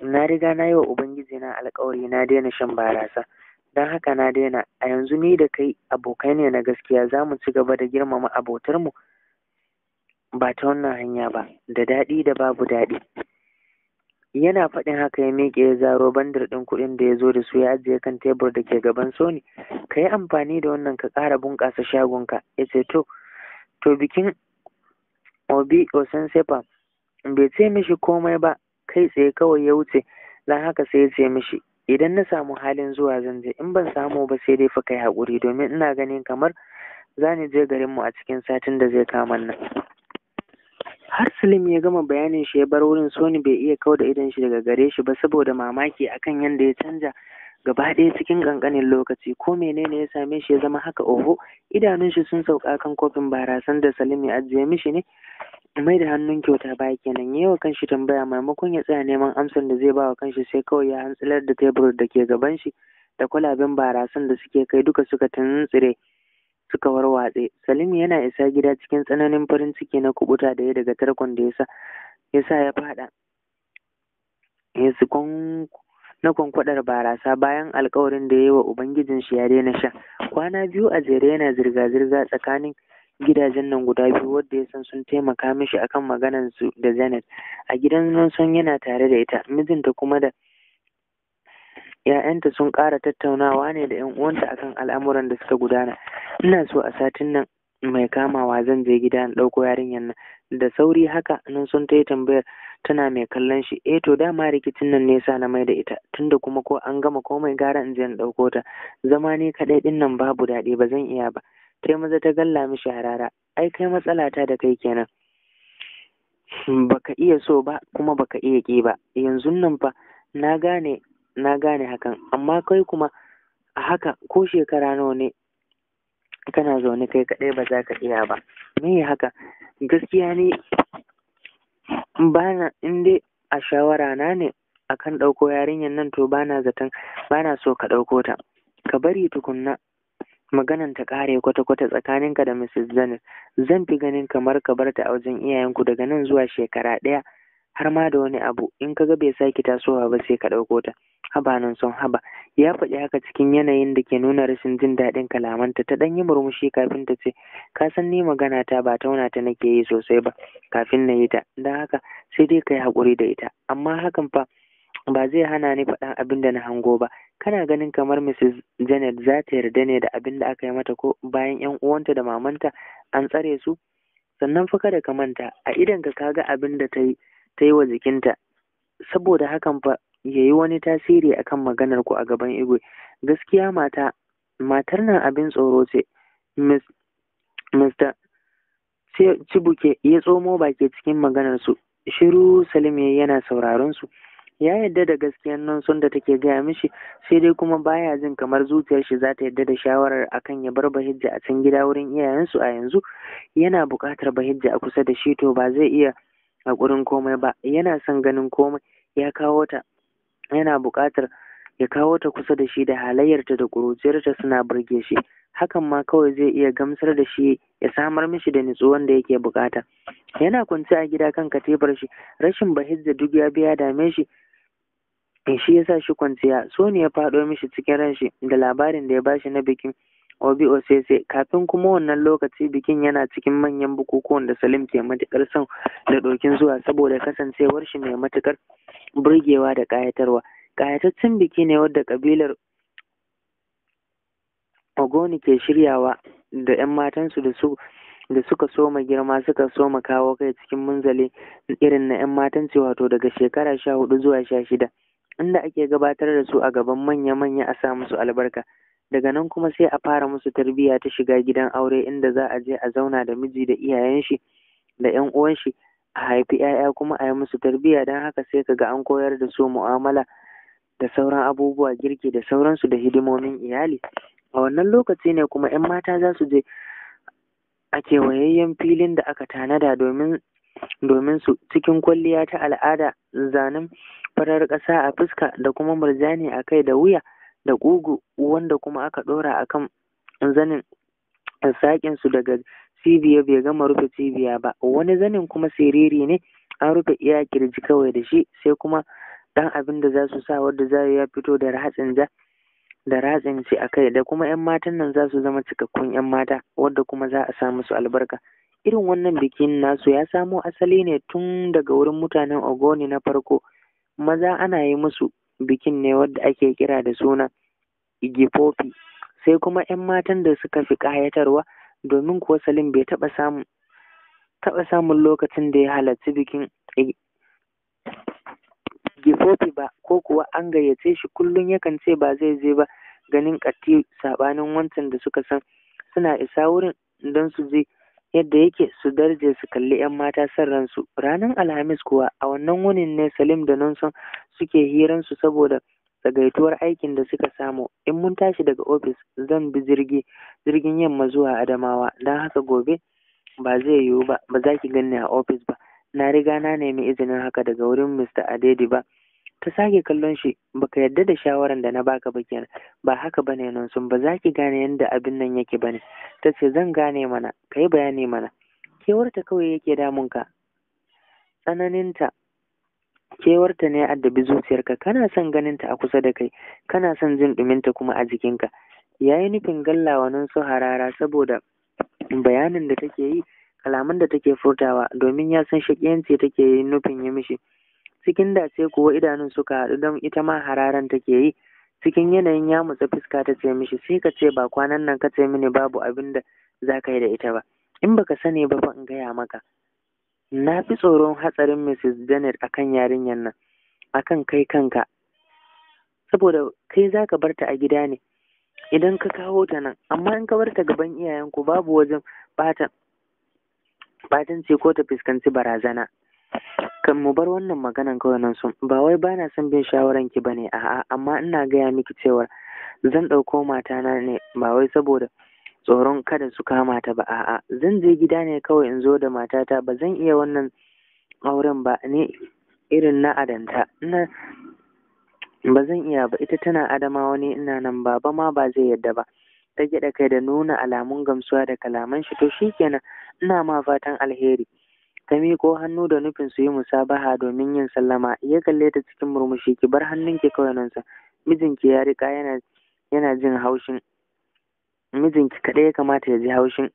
na riga na yi wa ubangiji na alƙawari na daina shan barasa don haka na daina a yanzu ni da kai abokai ne na gaskiya za mu ci gaba da girmama abotarmu ba ta wannan hanya ba da daɗi da babu daɗi yana faɗin haka ya miƙe ya zaro bandar ɗin kuɗin da ya zo da su ya ajiye kan tebur da ke gaban sony ka yi amfani da wannan ka ƙara bunƙasa shagonka ya ce to to bikin obi sefa bai ce mishi komai ba kai tsaye kawai ya wuce don haka sai ya ce mishi idan na samu halin zuwa zan je in ban samu ba sai dai fa kai haƙuri domin ina ganin kamar zani ni je garinmu a cikin satin da zai kama nan Har Salim ya gama bayanin shi ya bar wurin Sony bai iya kau da idon shi daga gare shi ba saboda mamaki akan yadda ya canja gaba ɗaya cikin ƙanƙanin lokaci ko menene ya same shi ya zama haka oho idanun shi sun sauka kan kofin barasan da Salim ya ajiye mishi ne mai da hannun kyauta baya kenan yi wa kanshi tambaya maimakon ya tsaya neman amsar da zai ba wa kanshi sai kawai ya hantsilar da tebur da ke gaban shi da kwalaben barasan da suke kai duka suka tuntsire suka warwatse salim yana isa gida cikin tsananin farin ciki na kubuta da ya daga tarkon da yasa yasa ya fada ya na konkwadar barasa bayan alkawarin da ya yi wa ubangijin shi ya daina sha kwana biyu a jere yana zirga-zirga tsakanin gidajen nan guda biyu wadda ya san sun taimaka mishi akan maganan su da Janet a gidan son yana tare da ita mijinta kuma da ‘ya'yanta sun ƙara tattaunawa ne da ‘yan uwanta akan al'amuran da suka gudana ina so a satin nan mai kamawa zan je gida na ɗauko yarinyar nan da sauri haka nan sun ta yi tambayar tana mai kallon shi E, to dama rikicin nan nesa na mai da ita tunda kuma ko an gama komai gara in je na ɗauko ta zama ne kaɗai ɗin nan babu daɗi ba zan iya ba ta maza ta galla mishi harara ai kai matsala ta da kai kenan baka iya so ba kuma baka iya ƙi ba yanzu nan fa na gane na gane hakan amma kai kuma a haka ko shekara nawa ne kana zaune kai kaɗai ba za ka iya ba me haka gaskiya ne bana in dai a shawara na ne akan ɗauko yarinyar nan to bana zaton bana so ka ɗauko ta ka bari tukunna maganan ta ƙare kwata-kwata tsakaninka da Mrs. Zanin zan fi ganin kamar ka barta a wajen iyayenku daga nan zuwa shekara ɗaya har ma da wani abu in ka ga bai sake tasowa ba sai ka ɗauko ta haba nan son haba ya faɗi haka cikin yanayin da ke nuna rashin jin daɗin kalamanta ta ɗan yi murmushi kafin ta ce ka san ni magana ta ba tauna ta nake yi sosai ba kafin na yi ta don haka sai dai ka yi haƙuri da ita amma hakan fa ba zai hana ni faɗan abin da na hango ba kana ganin kamar Mrs. Janet za ta yarda ne da abin da aka yi mata ko bayan yan uwanta da mamanta an tsare su sannan fa kada ka manta a idan ka kaga abin da ta yi ta yi wa jikinta saboda hakan fa ya yi wani tasiri akan maganar ku a gaban Igwe. Gaskiya mata, matar nan abin tsoro ce, Mr. Cibuke ya tsomo baki cikin maganarsu, shiru Salim ya yana sauraron Ya yadda da gaskiyan nan sun da take gaya mishi, sai dai kuma baya jin kamar zuciyar shi za ta yadda da shawarar akan ya bar Bahijja a can gida wurin iyayensu a yanzu, yana buƙatar Bahijja a kusa da shi to ba zai iya haƙurin komai ba, yana son ganin komai ya kawo ta yana buƙatar ya kawo ta kusa da shi da halayyarta da ƙuruciyarta suna burge shi hakan ma kawai zai iya gamsar da shi ya samar mishi da nutsuwan da yake buƙata. yana kwance a gida kan katibar shi rashin bahijja duk ya biya dame shi shi sa shi kwanciya so ne ya faɗo mishi cikin ran da labarin da ya bashi na bikin Obi Osese kafin kuma wannan lokaci bikin yana cikin manyan bukukuwan da Salim ke matukar son da ɗokin zuwa saboda kasancewar shi mai matukar burgewa da kayatarwa kayataccen biki ne wadda kabilar Ogoni ke shiryawa da 'yan matansu da su da suka soma girma suka soma kawo kai cikin munzali irin na 'yan matan wato daga shekara sha hudu zuwa sha shida inda ake gabatar da su a gaban manya-manya a sa musu albarka daga nan kuma sai a fara musu tarbiyya ta shiga gidan aure inda za a je a zauna da miji da iyayen shi da ƴan uwan shi a haifi ƴaƴa kuma a yi musu tarbiyya don haka sai ka ga an koyar da su mu'amala da sauran abubuwa girki da sauransu da hidimomin iyali a wannan lokaci ne kuma 'yan mata za su je a kewayayyen filin da aka tanada domin domin su cikin kwalliya ta al'ada zanen farar ƙasa a fuska da kuma murjani a kai da wuya da ƙugu wanda kuma aka ɗora a kan zanin eh, saƙinsu daga cibiya bai gama rufe cibiya ba wani zanin kuma siriri ne an rufe iya kirji kawai da shi sai kuma ɗan abin da za su sa wadda za ya fito da ratsin ja da ratsin ci a kai da kuma 'yan matan nan za su zama cikakkun 'yan mata wadda kuma za a sa musu albarka irin wannan bikin nasu ya samo asali ne tun daga wurin mutanen ogoni na farko maza ana yi musu bikin ne wadda ake kira da suna igipopi sai kuma 'yan matan da suka fi ƙayatarwa domin kuwa salim bai taɓa samun taɓa samun lokacin da ya halarci bikin gifofi ba ko kuwa an gayyace shi kullum yakan ce ba zai je ba ganin ƙatti saɓanin wancan da suka san suna isa wurin don su je yadda yake su darje su kalli 'yan mata son ransu ranar alhamis kuwa a wannan wunin ne salim da nonson suke hiransu saboda tsagaituwar aikin da suka samu in mun tashi daga ofis zan bi jirgi jirgin yamma zuwa adamawa don haka gobe ba zai yiwu ba ba za ki ganni a ofis ba na riga na nemi izinin haka daga wurin Mista adedi ba ta sake kallon shi baka yadda da shawaran da na baka ba kenan ba haka bane nan sun ba za ki gane yadda abin nan yake bane ta ce zan gane mana ka bayani mana kewarta kawai yake ta tsananinta kewarta ne addabi zuciyarka kana son ganin ta a kusa da kai kana son jin ɗuminta kuma a jikinka ya yi nufin gallawa nan su harara saboda bayanin da take yi kalaman da take furtawa domin ya san shakiyanci take yi nufin yi mishi cikin dace kuwa idanun suka haɗu don ita ma hararan take yi cikin yanayin ya mutsa fuska ta ce mishi sai ka ce ba kwanan nan ka ce mini babu abin da za ka yi da ita ba in baka sani ba fa in gaya maka na fi tsoron hatsarin mrs janet akan yarinyar nan akan kai kanka saboda kai za ka barta a gida ne idan ka kawo ta nan amma in ka barta gaban iyayenku babu wajen batan ce ko ta fuskanci barazana kan mu bar wannan maganan kawai nan su ba wai ba na son bin shawaran ki bane a'a amma ina gaya miki cewa zan ɗauko matana ne ba wai saboda tsoron kada su kama ta ba a'a zan je gida ne kawai in zo da matata ba zan iya wannan auren ba ne irin na adanta ina ba zan iya ba ita tana adamawa ne ina nan baba ma ba zai yadda ba ta gyaɗa kai da nuna alamun gamsuwa da kalaman shi to shikenan ina ma fatan alheri ta miƙo hannu da nufin su yi musabaha domin yin sallama ya kalle ta cikin murmushi ki bar hannunki kawai nan sa mijinki ya riƙa yana yana jin haushin mijinki kaɗai ya kamata ya ji haushin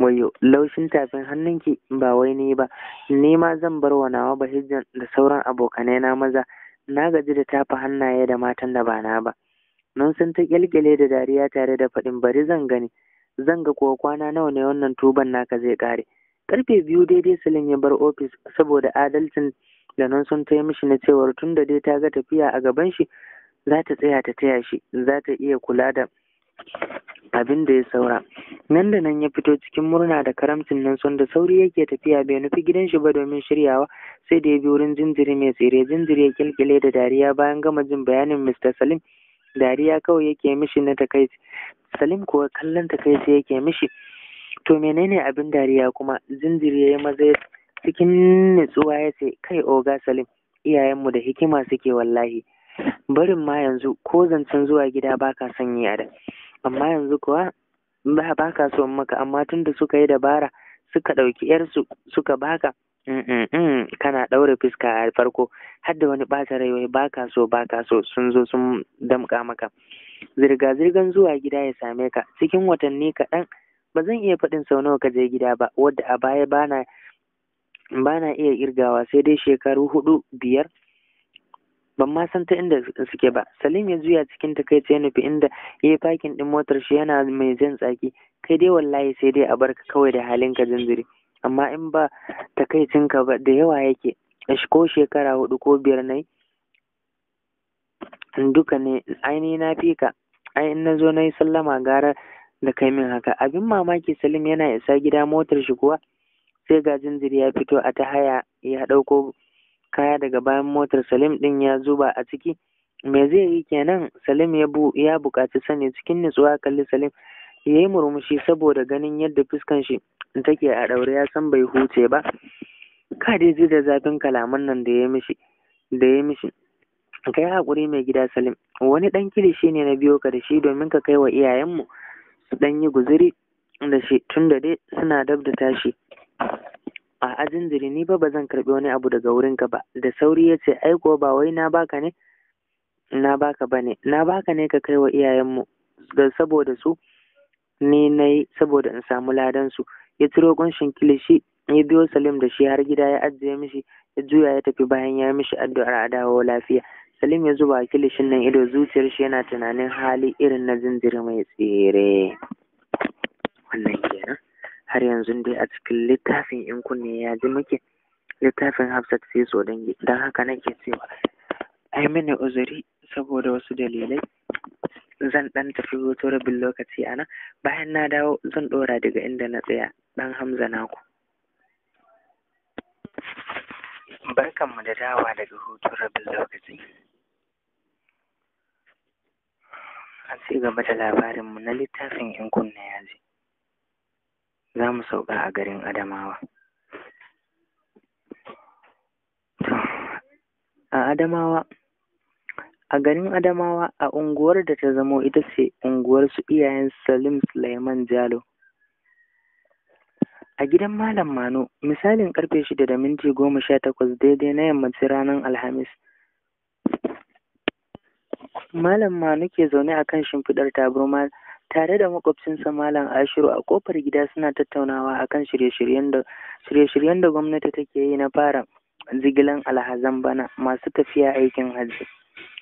wayo laushin tafin hannunki ba wai ni ba ni ma zan bar wa nawa bahijjan da sauran abokanai na maza na gaji da tafa hannaye da matan da ba na ba nan sun ta kyalkyale da dariya tare da faɗin bari zan gani zan ga kuwa kwana nawa ne wannan tuban naka zai ƙare karfe biyu daidai silin ya bar ofis saboda adalcin da nan sun ta mishi na cewar tun da dai ta ga tafiya a gaban shi za ta tsaya ta taya shi za ta iya kula da abin da ya saura nan da nan ya fito cikin murna da karamcin nan son da sauri yake tafiya bai nufi gidan shi ba domin shiryawa sai da ya bi wurin jinjiri mai tsire jinjiri ya kilkile da dariya bayan gama jin bayanin Mr. Salim dariya kawai yake mishi na takaici Salim kuwa kallon takaici yake mishi to menene abin dariya kuma zinziri ya yi maza cikin nutsuwa ya ce kai oga salim iyayenmu da hikima suke wallahi barin ma yanzu ko zancen zuwa gida baka son yi a da amma yanzu kuwa ba baka so maka amma tun da suka yi dabara suka ɗauki yarsu suka baka kana ɗaure fuska a farko har da wani ɓata rai baka so baka so sun zo sun damƙa maka zirga-zirgan zuwa gida ya same ka cikin watanni kaɗan ba zan iya faɗin sau nawa ka je gida ba wadda a baya bana bana iya irgawa sai dai shekaru hudu biyar ban ma san ta inda suke ba salim ya juya cikin ta takaici ya nufi inda ya yi fakin ɗin motar shi yana mai jan tsaki kai dai wallahi sai dai a ka kawai da halin ka jinjiri amma in ba takaicin ka ba da yawa yake ko shekara hudu ko biyar yi. duka ne ainihin na fi ka ai in na zo na yi sallama gara da kai min haka abin mamaki salim yana isa gida motar shi kuwa sai ga jinjiri ya fito a ta haya ya ɗauko kaya daga bayan motar salim ɗin ya zuba a ciki me zai yi kenan salim ya bu ya buƙaci sani cikin nutsuwa kalli salim ya yi murmushi saboda ganin yadda fuskan shi take a ɗaure ya san bai huce ba ka dai ji da zafin kalaman nan da ya mishi da ya mishi kai haƙuri mai gida salim wani ɗan kilishi ne na biyo ka da shi domin ka kai wa iyayenmu su ɗan yi guziri da shi tun da dai suna dab da tashi a ajin jiri ni ba ba zan karɓi wani abu daga wurin ka ba da sauri ya ce ai kuwa ba wai na baka ne na baka ba ne na baka ne ka kai wa iyayenmu da saboda su ni na yi saboda in samu ladansu ya ciro ƙunshin kilishi ya biyo salim da shi har gida ya ajiye mishi ya juya ya tafi bayan ya mishi addu'ar a dawo lafiya Salim ya zuba kilishin nan ido zuciyar shi yana tunanin hali irin na jinjiri mai tsere. Wannan kenan har yanzu dai a cikin littafin in kunne ya ji muke littafin Hafsat sai so dangi don haka nake cewa ai mini uzuri saboda wasu dalilai zan ɗan tafi hutu rabin lokaci a bayan na dawo zan ɗora daga inda na tsaya ɗan Hamza naku. Barkanmu da dawa daga hutun rabin lokaci. a ci gaba da labarinmu na littafin in kunna yaji. za mu sauka a garin adamawa a adamawa a garin adamawa a unguwar da ta zamo ita ce unguwar su iyayen salim suleiman jalo a gidan malam mano misalin karfe shida da minti goma sha takwas daidai na yammacin ranar alhamis Malam Manu ke zaune a kan shimfiɗar tabarma tare da makwabcinsa Malam Ashiru a kofar gida suna tattaunawa a kan shirye-shiryen da gwamnati take yi na fara jigilar alhazan bana masu tafiya aikin hajji.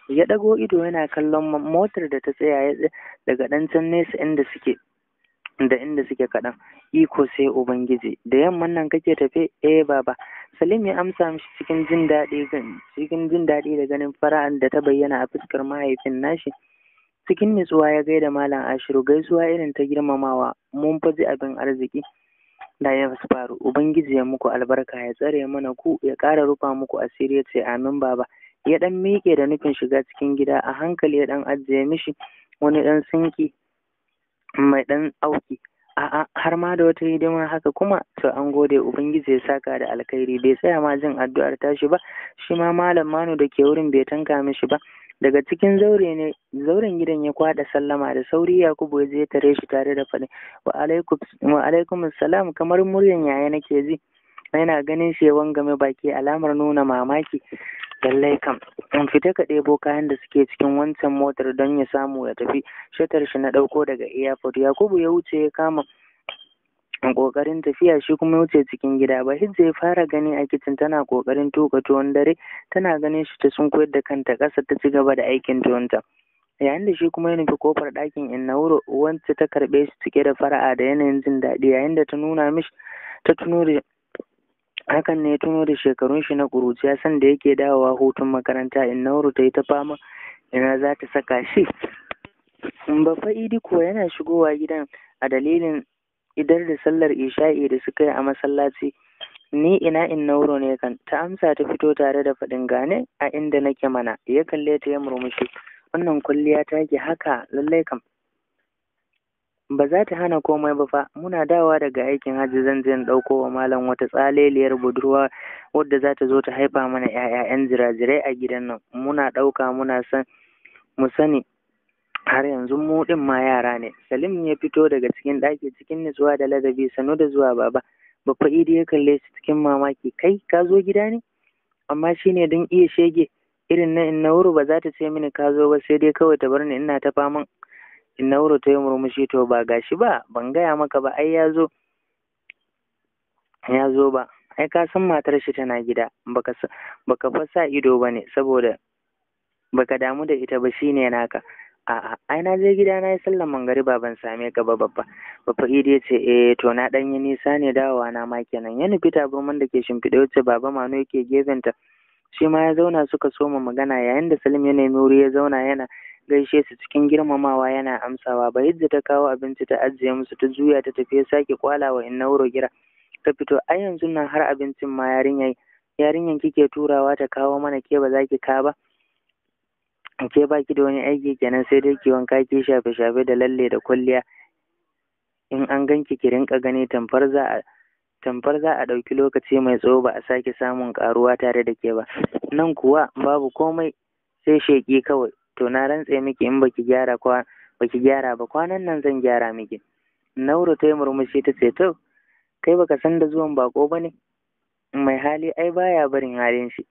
Ya ɗago ido yana kallon motar da ta tsaya daga ɗan nesa inda suke. da inda suke kaɗan iko sai ubangiji da yamman nan kake tafe eh baba salim ya amsa mishi cikin jin daɗi cikin jin daɗi da ganin fara'an da ta bayyana a fuskar mahaifin nashi cikin nutsuwa ya gaida malam ashiru gaisuwa irin ta girmamawa mun faji abin arziki da ya faru ubangiji ya muku albarka ya tsare mana ku ya ƙara rufa muku asiri ya ce amin baba ya ɗan miƙe da nufin shiga cikin gida a hankali ya ɗan ajiye mishi wani ɗan sinki mai ɗan auki a'a har ma da wata hidima haka kuma to an gode ubangiji ya saka da alkhairi bai tsaya ma jin addu'ar tashi ba shi ma malam manu da ke wurin bai tanka mishi ba daga cikin zaure ne zauren gidan ya kwaɗa sallama da sauri yakubu ya je tare shi tare da faɗi wa alaikum salam kamar muryan yaya nake ji yana ganin shi ya wangame baki alamar nuna mamaki lallai kam in fita ka ɗebo kayan da suke cikin wancan motar don ya samu ya tafi shatar shi na ɗauko daga airport yakubu ya wuce ya kama kokarin tafiya shi kuma ya wuce cikin gida ba hijja ya fara gani a kicin tana kokarin tuka tuwon dare tana ganin shi ta sun koyar da kanta ƙasa ta ci gaba da aikin tuwonta yayin da shi kuma ya nufi kofar ɗakin innauro wacce ta karɓe shi cike da fara'a da yanayin jin daɗi yayin da ta nuna mishi ta tuno da Hakan ne tuno da shekarun shi na ƙuruciya sanda yake dawowa hutun makaranta in nauru ta yi ta fama ina za ta saka shi. Baffa Idi kuwa yana shigowa gidan a dalilin idar da sallar isha'i da suka yi a masallaci ni ina in nauro ne kan ta amsa ta fito tare da faɗin gane a inda nake mana ya kalle ta ya murmushi wannan kwalliya ta ke haka lallai kam ba za ta hana komai ba fa muna dawowa daga aikin hajji zan je in ɗauko wa malam wata tsaleliyar budurwa wadda za ta zo ta haifa mana 'ya'ya 'yan jirajirai a gidan nan muna ɗauka muna san mu sani har yanzu mu ɗin ma yara ne salim ya fito daga cikin ɗaki cikin nutsuwa da ladabi sanu da zuwa baba babba idi ya kalle shi cikin mamaki kai ka zo gida ne amma shine don iya shege irin na in na wuri ba za ta ce mini ka zo ba sai dai kawai ta bar ni ina ta faman Innauru ta yi murmushi to ba gashi ba ban gaya maka ba ai ya zo ba ai ka san matar shi tana gida baka baka fa sa ido ba ne saboda baka damu da ita ba shine naka a'a ai na je gida na yi sallan mangariba ban same ka ba babba babba idi ya ce eh to na dan nisa ne dawowa na ma kenan ya nufi tabarman da ke shimfiɗe wuce baba mano yake gefenta shi ma ya zauna suka soma magana yayin da salim ya nemi wuri ya zauna yana gaishe su cikin girmamawa yana amsawa Ba yadda ta kawo abinci ta ajiye musu ta juya ta tafi ya sake kwala wa wuro gira ta fito ai yanzu nan har abincin ma yarinyar yarinyar kike turawa ta kawo mana ke ba za ki ka ba ke ba ki da wani aiki kenan sai dai ki wanka ki shafe shafe da lalle da kwalliya in an ganki ki rinka gani tamfar za a tamfar za a ɗauki lokaci mai tsawo ba a sake samun ƙaruwa tare da ke ba nan kuwa babu komai sai sheƙi kawai to na rantse miki in baki gyara kwa baki gyara ba kwanan nan zan gyara miki nauru ta yi murmushi ta ce to kai baka san da zuwan bako ba ne mai hali ai baya barin halin shi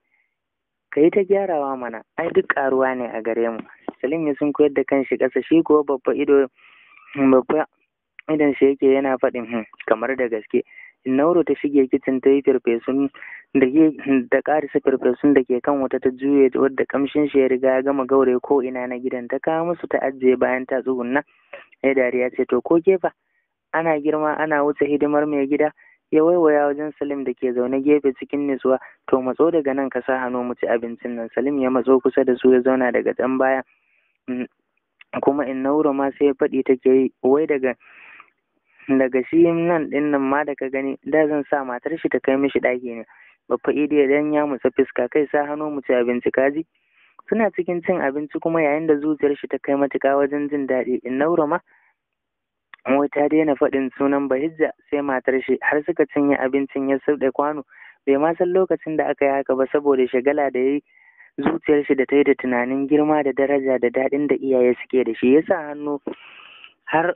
ka yi ta gyarawa mana ai duk karuwa ne a gare mu salim ya sun koyar da kanshi ƙasa shi ko babba ido babba idan shi yake yana faɗin hmm, kamar da gaske Nauro ta shige kicin ta yi farfesun da ke da farfesun da ke kan wata ta juye wadda kamshin shi ya riga ya gama gaure ko ina na gidan ta kawo musu ta ajiye bayan ta tsugunna ya dariya ce to ko gefa ana girma ana wuce hidimar mai gida ya waiwaya wajen Salim da ke zaune gefe cikin nutsuwa to matso daga nan ka sa hannu mu ci abincin nan Salim ya matso kusa da su ya zauna daga can baya mm, kuma in nauro ma sai faɗi take yi wai daga daga shi nan ɗin nan ma da ka gani da zan sa matar shi ta kai mishi ɗaki ne babba idiya dan ya mutsa fiska kai sa hannu mu ci abinci kaji suna cikin cin abinci kuma yayin da zuciyar shi ta kai matuƙa wajen jin daɗi in naura ma wai ta daina faɗin sunan bahijja sai matar shi har suka cinye abincin ya sauɗe kwano bai ma san lokacin da aka yi haka ba saboda shagala da ya yi zuciyar shi da ta yi da tunanin girma da daraja da daɗin da iyaye suke da shi Ya sa hannu har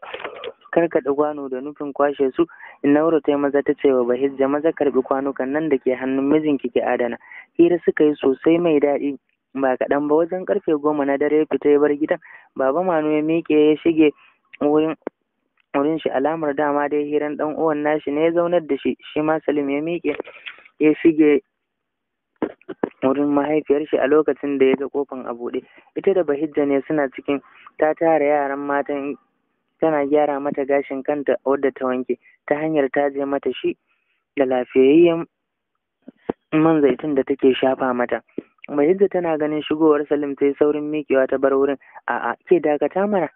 karkaɗe kwano da nufin kwashe su Inauro ta yi maza ta ce wa Bahijja maza karɓi kwanukan nan da ke hannun mijin ki adana hira suka yi sosai mai daɗi ba kaɗan ba wajen karfe goma na dare ya fita ya bar gidan baba manu ya miƙe ya shige wurin wurin shi alamar dama dai hiran ɗan uwan nashi ne ya zaunar da shi shi ma Salim ya miƙe ya shige wurin mahaifiyar shi a lokacin da ya ga kofan a buɗe ita da bahijja ne suna cikin ta tara yaran matan tana gyara mata gashin kanta wadda ta wanke ta hanyar ta je mata shi da lafiyayyen man zaitun da take shafa mata yadda tana ganin shigowar Salim ta yi saurin miƙewa ta bar wurin a'a ke dakata mana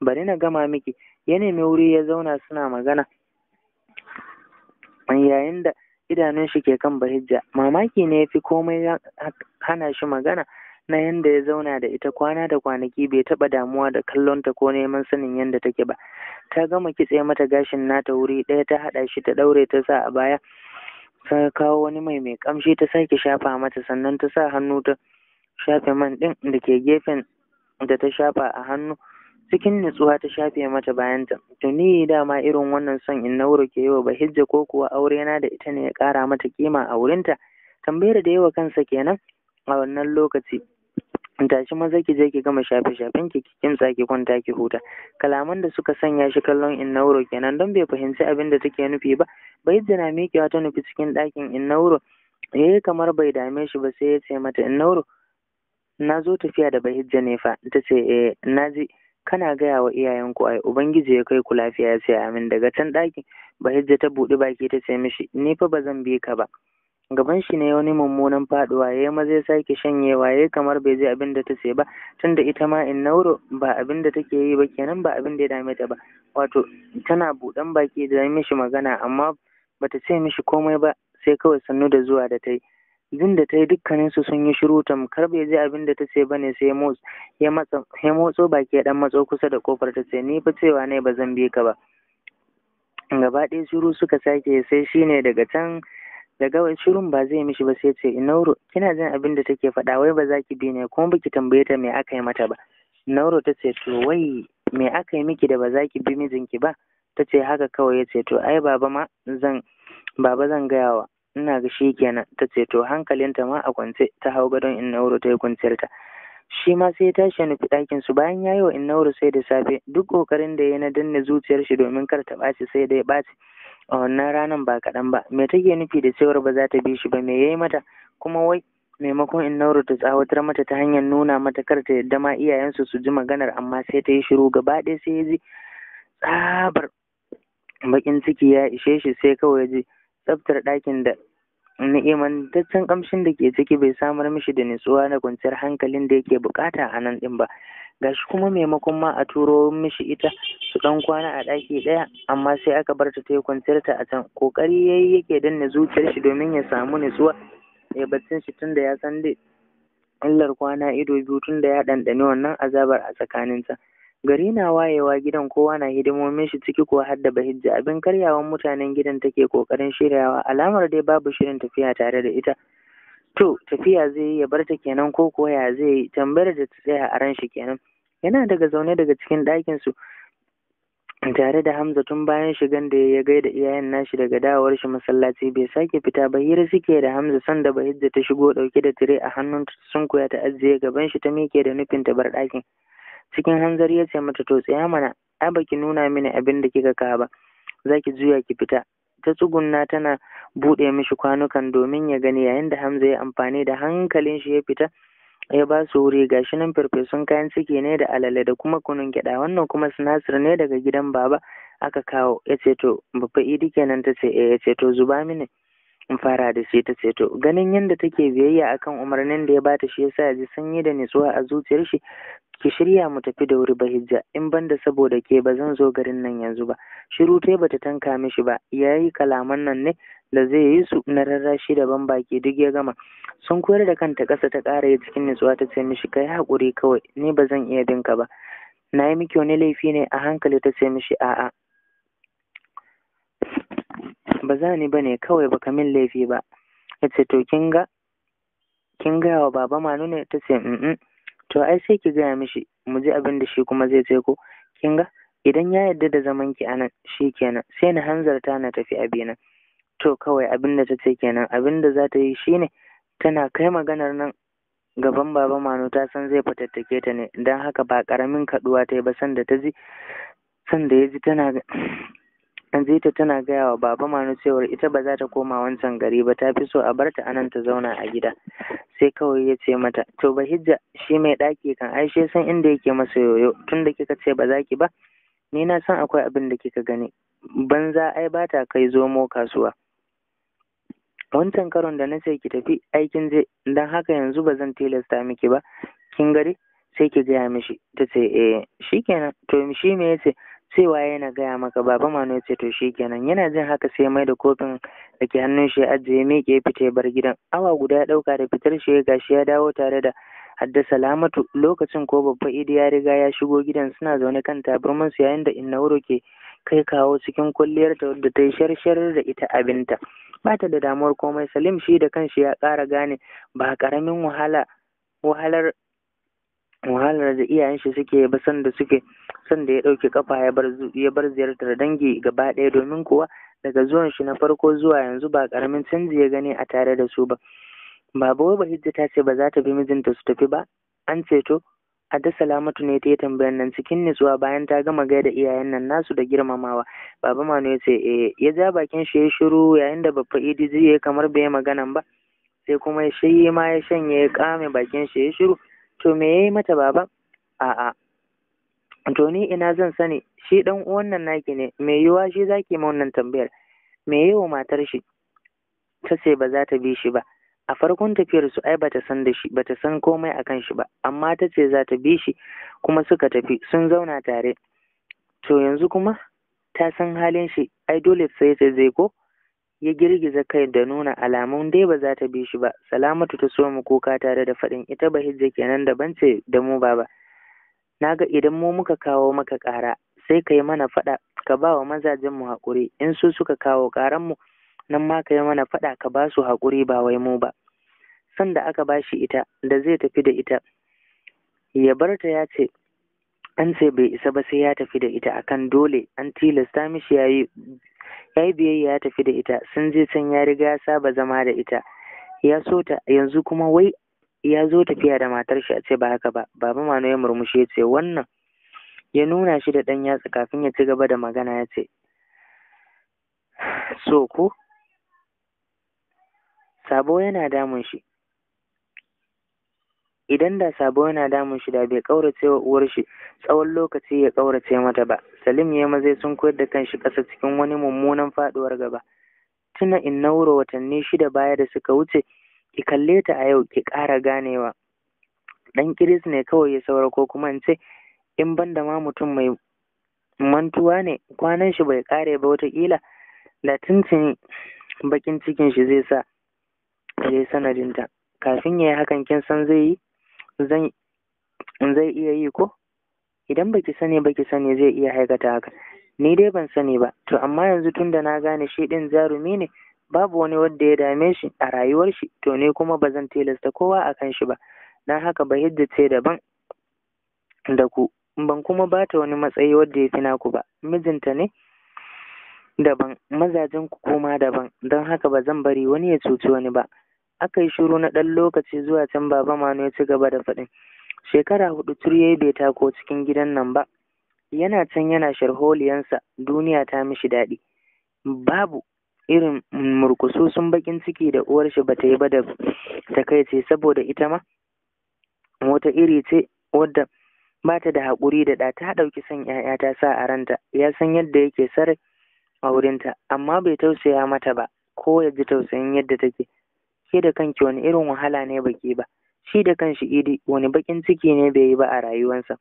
bari na gama miki ya nemi wuri ya zauna suna magana yayin da idanun shi ke kan bahijja mamaki ne ya fi komai hana shi magana na yanda ya zauna da ita kwana da kwanaki bai taba damuwa da kallonta ko neman sanin yanda take ba ta gama kitse mata gashin nata wuri ɗaya ta haɗa shi ta ɗaure ta sa a baya ta kawo wani mai mai ƙamshi ta sake shafa mata sannan ta sa hannu ta shafe man ɗin da ke gefen da ta shafa a hannu cikin nutsuwa ta shafe mata bayanta tuni dama irin wannan son in naura ke yi wa bahijja ko kuwa aure na da ita ne ya ƙara mata kima a wurinta tambayar da yawa kansa kenan a wannan lokaci tashi maza ki je ki gama shafe shafen ki ki kimsa ki kwanta ki huta kalaman da suka sanya shi kallon innauro kenan don bai fahimci abin da take nufi ba bai jina mikewa ta nufi cikin ɗakin innauro yayi eh, kamar bai dame shi ba sai ya ce mata innauro na zo tafiya da bahijja ne fa ta ce eh na ji kana gaya wa ku ai ubangiji ya kai ku lafiya ya ce amin daga can ɗakin bahijja ta buɗi baki ta ce mishi ni fa ba zan bi ka ba gaban shi ne wani mummunan faduwa ya maza ya sake shanyewa ya kamar bai ji abin da ta ce ba tunda ita ma in nauro ba abin da take yi ba kenan ba abin da ya dame ta ba wato tana buɗan baki da mishi magana amma bata ce mishi komai ba sai kawai sannu da zuwa da ta yi jin da ta yi dukkaninsu sun yi shiru tamkar bai ji abin da ta ce ba ne sai ya motso baki ya dan matso kusa da kofar ta ce ni fa cewa ne ba zan bi ka ba gaba ɗaya shiru suka sake sai shine daga can daga shirin ba zai mishi ba sai ce inauro kina jin abin da take faɗa wai ba za ki bi ne kuma baki tambaye ta me aka yi mata ba inauro ta ce to wai me aka yi miki da ba za ki bi mijinki ba ta ce haka kawai ya ce to ai baba ma zan baba zan gaya wa ina ga shi kenan ta ce to hankalinta ma a kwance ta hau gadon inauro ta yi kwanciyar ta shi ma sai ya tashi ya nufi ɗakin su bayan ya yi wa inauro sai da safe duk ƙoƙarin da ya na danne zuciyar shi domin kar ta ɓaci sai da ya ɓaci a wannan ranar ba kaɗan ba me take nufi da cewar ba za ta bi shi ba me yi mata kuma wai maimakon in nauru ta tsawatar mata ta hanyar nuna mata kar ta yadda ma iyayensu su ji maganar amma sai ta yi shiru gaba ɗaya sai ya ji tsabar bakin ciki ya ishe shi sai kawai ya ji tsaftar ɗakin da ni'imantaccen ƙamshin da ke ciki bai samar mishi da nutsuwa na kwanciyar hankalin da yake buƙata a nan ɗin ba gashi kuma maimakon ma a turo mishi ita su dan kwana a ɗaki ɗaya amma sai aka bar ta yi kwanciyarta a can kokari yayi yake danne zuciyar shi domin ya samu nutsuwa ya bacin shi tunda ya san dai illar kwana ido biyu tunda ya ɗanɗani wannan azabar a tsakanin tsakaninta gari na wayewa gidan kowa na hidimomin shi ciki ko har da bahijja abin karyawan mutanen gidan take kokarin shiryawa alamar dai babu shirin tafiya tare da ita to tafiya zai yi ya bar ta kenan ko ko ya zai yi tambayar da ta tsaya a ran shi kenan yana daga zaune daga cikin ɗakin su tare da Hamza tun bayan shigan da ya gaida iyayen nashi daga dawowar shi masallaci bai sake fita ba hira suke da Hamza sanda hijja ta shigo dauke da tire a hannun sun kuya ta ajiye gaban shi ta mike da nufin ta bar ɗakin cikin hanzari ya ce mata to tsaya mana ai baki nuna mini abin da kika kawo ba zaki juya ki fita ta tsugunna tana buɗe mishi kwanukan domin ya gani yayin da Hamza ya amfani da hankalin shi ya fita ya ba su wuri gashi nan farfesun kayan ciki ne da alale da kuma kunun gyaɗa wannan kuma sinasir ne daga gidan baba aka kawo ya ce to babba idi kenan ta ce eh ya ce to zuba mini in fara da shi ta ganin yadda take biyayya akan umarnin da ya bata shi yasa sa ji sanyi da nutsuwa a zuciyar shi ki shirya mu tafi da wuri ba hijja. in banda saboda ke ba zan zo garin nan yanzu ba shiru tai bata tanka mishi ba yayi kalaman nan ne da zai yi su na rarrashi da ban baki duk ya gama sun koyar da kanta ƙasa ta ƙara ya cikin nutsuwa ta ce mishi kai haƙuri kawai ni ba zan iya dinka ba na yi miki wani laifi ne a hankali ta ce mishi a'a ba za ni ba ne kawai ba min laifi ba ya ce to kin ga wa baba manu ne ta ce to ai sai ki gaya mishi mu ji abin da shi kuma zai ce ko kin ga idan ya yarda da zaman ki anan shi kenan sai na hanzarta na tafi abina to kawai abin da ta ce kenan abin da za ta yi shine tana kai maganar nan gaban baba manu ta san zai fatattake ta ne don haka ba karamin kaduwa ta yi ba sanda ta ji da ya ji tana Anzita tana gaya wa Baba Manu cewar ita ba za ta koma wancan gari ba ta fi so a barta anan ta zauna a gida sai kawai ya ce mata to Bahijja shi mai ɗaki kan aishe san inda yake masa yoyo tunda kika ce ba za ki ba ni na san akwai abin da kika gani banza ai ba ta kai zomo kasuwa wancan karon da na ce ki tafi aikin je don haka yanzu ba zan tilasta miki ba kin gari sai ki gaya mishi ta ce eh shikenan to shi me yace sai waye na gaya maka baba mano ya ce to kenan yana jin haka sai mai da kofin da ke hannun shi ajiye miƙe ya fita ya bar gidan awa guda ya ɗauka da fitar shi ya gashi ya dawo tare da hadda salamatu lokacin ko babba idi ya riga ya shigo gidan suna zaune kan tabarman su yayin da wuro ke kai kawo cikin kwalliyar ta wadda ta yi sharshar da ita abinta ba ta da damuwar komai salim shi da kanshi ya ƙara gane ba ƙaramin wahala wahalar wahalar da iyayen shi suke ba da suke da ya ɗauke kafa ya bar ya bar ziyartar dangi gaba ɗaya domin kuwa daga zuwan shi na farko zuwa yanzu ba karamin canji ya gani a tare da su ba baba ba bahijja ta ce ba za ta bi mijinta su tafi ba an ce ceto Adda Salamatu ne ta yi tambayar nan cikin nutsuwa bayan ta gama gaya da iyayen nan nasu da girmamawa. Baba Manu ya ce eh ya ja bakin shi ya shiru yayin da babba Idi ya kamar bai magana ba. Sai kuma shi ma ya shanye ya kame bakin shi ya shiru. to me ya yi mata baba a'a to ni ina zan sani shi dan uwan nan naki ne me yiwa shi zaki ma wannan tambayar me yayi matar shi ta ce ba za ta bi shi ba a farkon tafiyar su ai bata san da shi bata san komai akan shi ba amma ta ce za ta bi shi kuma suka tafi sun zauna tare to yanzu kuma ta san halin shi ai dole sai ta zai ko ya girgiza kai da nuna alamun dai ba za ta bi shi ba salamatu ta so mu kuka tare da faɗin ita ba hijja kenan da bance da mu baba naga idan mu muka kawo maka ƙara sai ka yi mana faɗa ka ba wa mazajen mu haƙuri in su suka kawo ƙaran mu nan ma ka yi mana faɗa ka ba su haƙuri ba wai mu ba sanda aka ba shi ita da zai tafi da ita ya bar ta ya ce an ce bai isa ba sai ya tafi da ita akan dole an tilasta mishi yayi yayi biyayya ya tafi da ita sun je can ya riga ya saba zama da ita ya so ta yanzu kuma wai ya zo tafiya da matar shi a ce ba haka ba baba mano ya murmushi ya ce wannan ya nuna shi da ɗan yatsa kafin ya ci gaba da magana ya ce so ko sabo yana damun shi idan da sabo yana damun shi da bai kaurace wa uwar shi tsawon lokaci ya kaurace mata ba salim ya maza sun koyar da kanshi kasa cikin wani mummunan faduwar gaba tuna in nauro watanni shida baya da suka wuce ki kalle ta a yau ki kara ganewa dan kiris ne kawai ya saura ko kuma in ce in ban da ma mutum mai mantuwa ne kwanan shi bai kare ba watakila da tuntun bakin cikin shi zai sa ya sanadinta kafin ya yi hakan kin san zai yi zan zai iya yi ko idan baki sani baki sani zai iya haikata haka ni dai ban sani ba to amma yanzu tunda na gane shi din zarumi ne babu wani wanda ya dame shi a rayuwar shi to ni kuma ba zan tilasta kowa a kan shi ba na haka ba hidda ce daban da ku ban kuma ba ta wani matsayi wanda ya fi naku ba mijinta ne daban mazajen ku kuma daban don haka ba zan bari wani ya cuci wani ba Aka yi shiru na ɗan lokaci zuwa can Baba Manu ya ci gaba da faɗin. Shekara hudu turye yayi bai tako cikin gidan nan ba. Yana can yana sharholiyansa duniya ta mishi daɗi. Babu irin murkususun bakin ciki da uwar shi ta yi ba da takaice saboda ita ma wata iri ce wadda ba ta da haƙuri da ɗa ta ɗauki son ‘ya'ya ta sa a ranta ya san yadda yake sarai a wurinta amma bai tausaya mata ba ko ya ji tausayin yadda take ke da kanki wani irin wahala ne baki ba shi da kanshi idi wani bakin ciki ne bai yi ba a rayuwarsa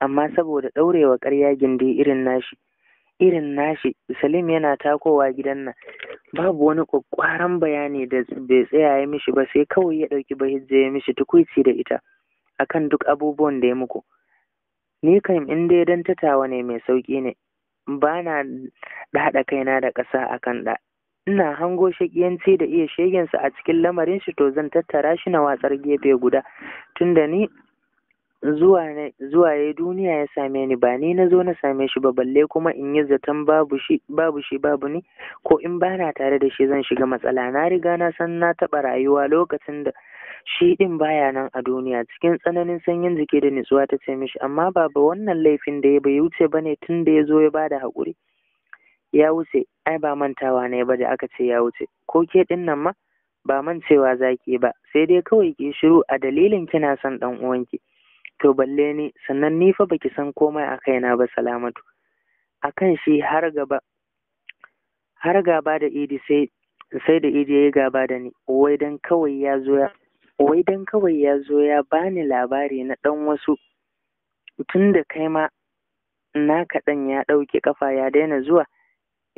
amma saboda ɗaurewa ƙarya gindi irin nashi irin nashi salim yana takowa gidan nan babu wani ƙwaƙƙwaran bayani da bai tsaya ya mishi ba sai kawai ya ɗauki bahijja ya mishi tukuici da ita akan duk abubuwan da ya muku ni kam in dai dan ne mai sauƙi ne Bana na daɗa kaina da ƙasa akan ina hango shakiyanci da iya shegensa a cikin lamarin shi to zan tattara shi na watsar gefe guda tunda ni zuwa ne zuwa ya duniya ya same ni ba ni na na same shi ba balle kuma in yi zaton babu shi babu shi babu ni ko in ba na tare da shi zan shiga matsala na riga na san na taɓa rayuwa lokacin da shi din baya nan a duniya cikin tsananin sanyin jiki da nutsuwa ta ce mishi amma babu wannan laifin da ya bai wuce bane tun da ya zo ya bada haƙuri ya wuce ai ba mantawa ne ba da aka ce ya wuce ko ke din nan ma ba mancewa zaki ba sai dai kawai ki shiru a dalilin kina son dan uwanki to balle ni sannan ni fa baki san komai a kaina ba salamatu akan shi har gaba har gaba da idi sai sai da idi yayi gaba da ni wai dan kawai ya zo ya wai dan kawai ya zo ya bani labari na dan wasu tun da kai ma na kaɗan ya ɗauki kafa ya daina zuwa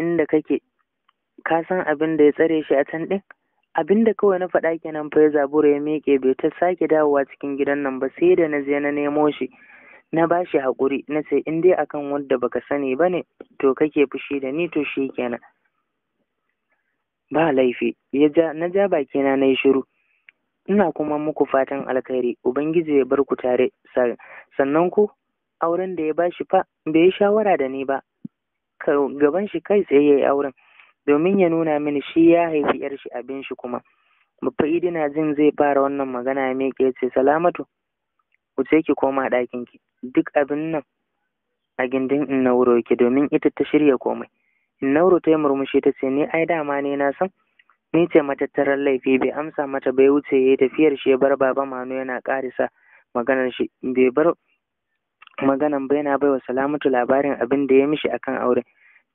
inda kake ka san abin da ya tsare shi a can ɗin abin da kawai na faɗa kenan fa ya zabura ya miƙe bai ta sake dawowa cikin gidan nan ba sai da na je na nemo shi na ba shi haƙuri na ce in dai akan wadda baka sani ba ne to kake fushi da ni to shi kenan ba laifi na ja bakina na yi shiru ina kuma muku fatan alkhairi ubangiji ya bar ku tare sannan ku auren da ya bashi fa bai yi shawara da ni ba gaban shi kai tsaye ya yi auren domin ya nuna mini shi ya haifi yar shi abin shi kuma mufa'idi idina jin zai fara wannan magana ya miƙe ya ce salamatu "Ku ce ki koma ɗakin ki duk abin nan a gindin in nauro ki, domin ita ta shirya komai in nauro ta yi murmushi ta ce ni ai dama ne na san ni ce matattarar laifi bai amsa mata bai wuce ya yi tafiyar shi ya bar baba manu yana ƙarisa maganar shi bai bar maganan ba yana wa Salamatu labarin abin da ya mishi akan auren.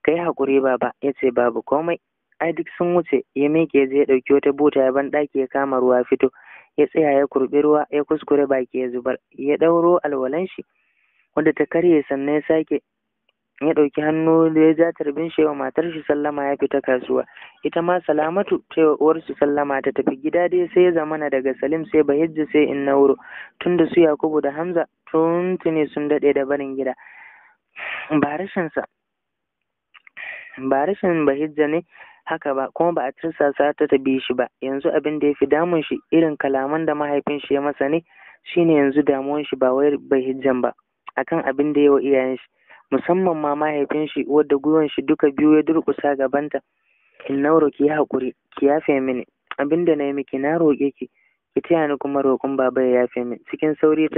Kai hakuri baba, ya ce babu komai. Ai duk sun wuce, ya miƙe zai ɗauki wata buta ya ban ɗaki ya kama ruwa fito. Ya tsaya ya kurɓi ruwa, ya kuskure baki ya zubar, ya ɗauro alwalan shi. Wanda ta karye sannan ya sake ya ɗauki hannu da ya ja tarbin shewa matar shi sallama ya fita kasuwa ita ma salamatu cewa uwar su sallama ta tafi gida dai sai ya zamana daga salim sai bahijja sai in nauro tunda su yakubu da hamza sun sun daɗe da barin gida ba rashin sa ba rashin bahijja ne haka ba kuma ba a tirsasa ta ta bi shi ba yanzu abin da ya fi damun shi irin kalaman da mahaifin shi ya masa ne shine yanzu damuwan shi ba wai bahijjan ba akan abin da ya wa iyayen shi musamman ma mahaifin shi wadda gwiwan shi duka biyu ya durƙusa gabanta in nauro ki haƙuri ki yafe mini abin da na yi miki na roƙe ki ya taya ni kuma roƙon baba ya yafe min cikin sauri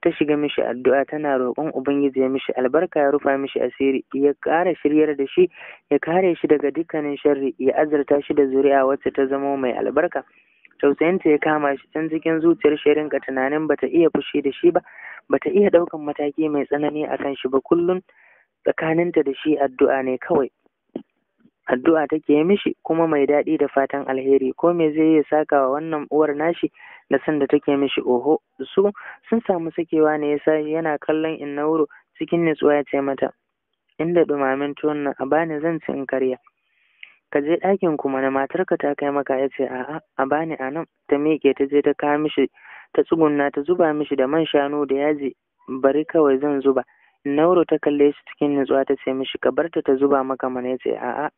ta shiga mishi addu'a tana roƙon ubangiji ya mishi albarka ya rufa mishi asiri ya ƙara shiryar da shi ya kare shi daga dukkanin sharri ya azurta shi da zuri'a wacce ta zama mai albarka tausayinta ya kama shi can cikin zuciyar shi rinka tunanin bata iya fushi da shi ba bata iya ɗaukan mataki mai tsanani akan shi ba kullum tsakaninta da shi addu'a ne kawai addu'a take mishi kuma mai daɗi da fatan alheri ko me zai yi saka wa wannan uwar nashi da san da take mishi oho su sun samu sakewa ne yasa yana kallon Innauru cikin nutsuwa ya ce mata inda dumamin tuwon nan a bani zan ci in karya ka je ɗakin kuma na matarka ta kai maka ya ce a'a a bani a nan ta miƙe ta je ta kawo mishi ta tsugunna ta zuba mishi da man shanu da yaji bari kawai zan zuba Nauro ta kalle shi cikin nutsuwa ta ce mishi ka barta ta zuba maka mana ya ce a'a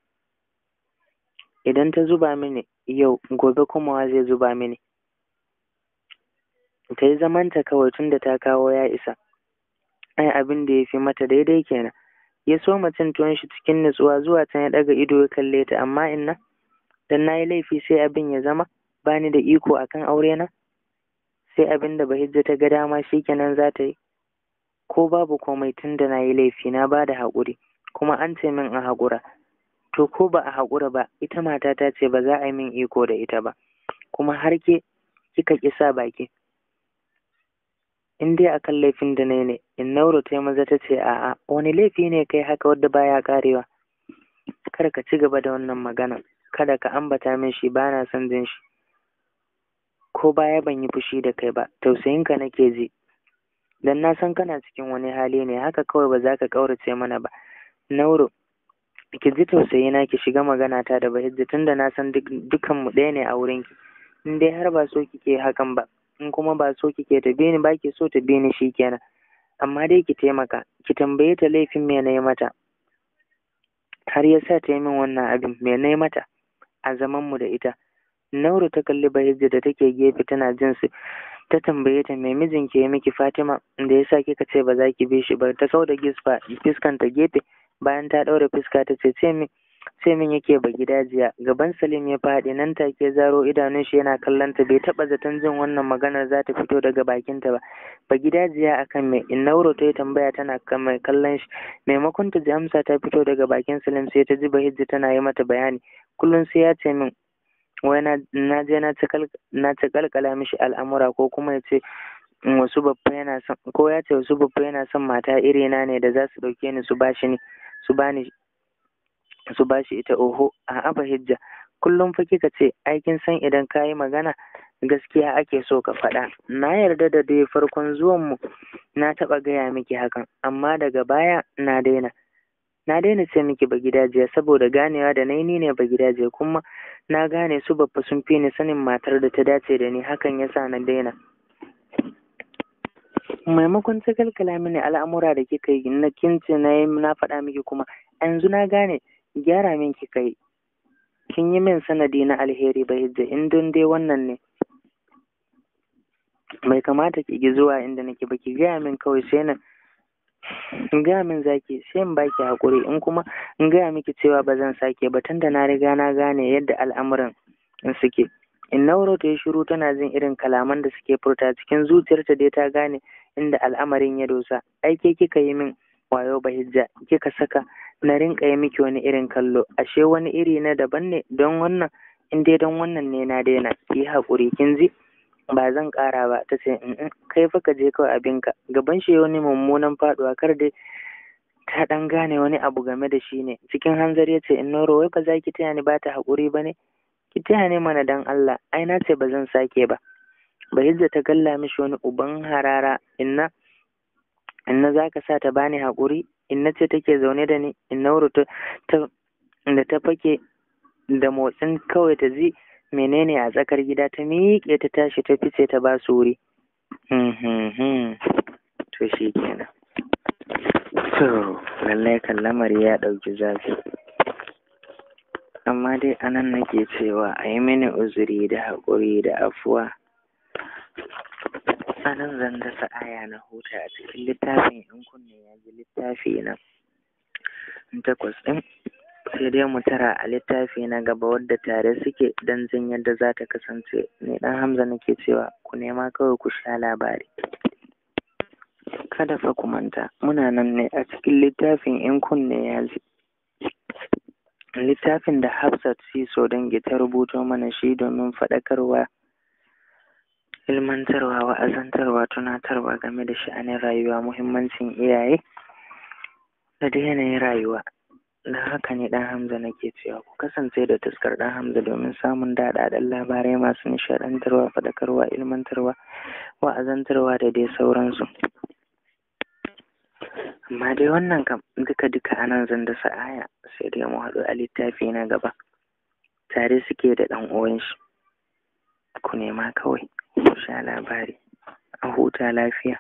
idan ta zuba mini yau gobe kuma wa zai zuba mini ta yi zamanta kawai tunda ta kawo ya isa ai abin da ya fi mata daidai kenan ya soma cin tuwon shi cikin nutsuwa zuwa can ya ɗaga ido ya kalle ta amma inna dan na yi laifi sai abin ya zama bani da iko akan aure na sai abin da bahijja ta ga dama shikenan za ta yi ko babu komai tunda na yi laifi na ba da haƙuri kuma an ce min in haƙura to ko ba a haƙura ba ita mata ta ce ba za a yi min iko da ita ba kuma har ke kika ƙi sa baki in dai akan laifin da ne ne in nauro ta maza ta ce a'a wani laifi ne kai haka wadda baya karewa kar ka ci gaba da wannan magana kada ka ambata min shi ba na son jin shi ko baya ban yi fushi da kai ba tausayin ka nake ji dan na san kana cikin wani hali ne haka kawai ba za ka ƙaurace mana ba nauro ki ji na ki shiga magana ta da bahijja tunda na san dukan mu ɗaya ne a wurin ki in dai har ba so kike hakan ba in kuma ba so kike ta bini ba ki so ta bini kenan. amma dai ki taimaka ki tambaye ta laifin me na mata har ya sa ta yi min wannan abin me na mata a zaman mu da ita Nauru ta kalli Bahijja da take gefe tana jin su ta tambaye ta me mijin ke miki Fatima da ya sa kika ce ba za ki bi shi ba ta sau da gisfa fiskanta gefe bayan ta ɗaure fuska ta ce ce min min yake ba jiya. gaban Salim ya faɗi nan take zaro idanun shi yana kallon ta bai taɓa zaton jin wannan maganar za ta fito daga bakin ta ba ba jiya akan me nauro ta yi tambaya tana mai kallon shi maimakon ta ji amsa ta fito daga bakin Salim sai ta ji Bahijji tana yi mata bayani kullum sai ya ce min wai na je na ci kalkala mishi al'amura ko kuma ya ce wasu babba yana son ko ya ce wasu babba yana son mata irina ne da za su ɗauke ni su bashi ne. su bani su bashi ita oho a'a ba hijja kullum fa kika ce ai kin san idan kayi magana gaskiya ake so ka faɗa na yarda da dai farkon zuwan mu na taɓa gaya miki hakan amma daga baya na daina na daina ce miki ba gidajiya saboda ganewa da nai ni ne ba gidaje. kuma na gane su babba sun fi ni sanin matar da ta dace da ni hakan yasa na daina maimakon ta kalkala mini al'amura da kika yi na kince na yi na faɗa miki kuma yanzu na gane gyara min kika yi kin yi min sanadi na alheri ba hijja in don dai wannan ne mai kamata ki gi zuwa inda nake ba ki gaya min kawai sai na gaya min zaki sai in baki haƙuri in kuma in gaya miki cewa ba zan sake ba da na riga na gane yadda al'amuran suke in nauro ta yi shiru tana jin irin kalaman da suke furta cikin zuciyarta dai ta gane inda al'amarin ya dosa aike kika yi min wayo bahijja kika saka na rinka yi miki wani irin kallo ashe wani iri na daban ne don wannan in dai don wannan ne na daina ki haƙuri kin ji ba zan ƙara ba ta ce kai fa ka je kawai abinka gaban shi wani mummunan faduwa, kar dai ta ɗan gane wani abu game da shi ne cikin hanzari ya ce in noro wai ba za ki taya ni ba ta haƙuri ba ne ki taya ni mana dan Allah ai na ce ba zan sake ba bahijja ta galla mishi wani uban harara inna inna za sa ta bani hakuri inna ce take zaune da ni inna wuri da ta fake da motsin kawai ta ji menene a tsakar gida ta miƙe ta tashi ta fice ta ba su wuri to shi kenan to lallai kan lamari ya ɗauki zafi amma dai anan nake cewa a yi mini uzuri da haƙuri da afuwa a nan zan dasa aya na huta a cikin littafin in kunne ya ji littafi na takwas ɗin sai dai mu tara a littafi na gaba wadda tare suke don jin yadda za ta kasance ni dan hamza nake cewa ku nema kawai ku sha labari kada fa ku manta muna nan ne a cikin littafin in kunne ya ji littafin da hafsat siso dangi ta rubuto mana shi domin faɗakarwa ilmantarwa wa'azantarwa tunatarwa game da sha'anin rayuwa muhimmancin iyaye da dai yanayin rayuwa da haka ne dan hamza nake cewa ku kasance da taskar dan hamza domin samun daɗaɗɗen labarai masu nishaɗantarwa faɗakarwa ilmantarwa wa'azantarwa da dai sauransu amma dai wannan kam duka duka anan zan da sa'aya sai dai mu haɗu a littafi na gaba tare suke da ɗan uwan ku nema kawai ku sha labari, a huta lafiya.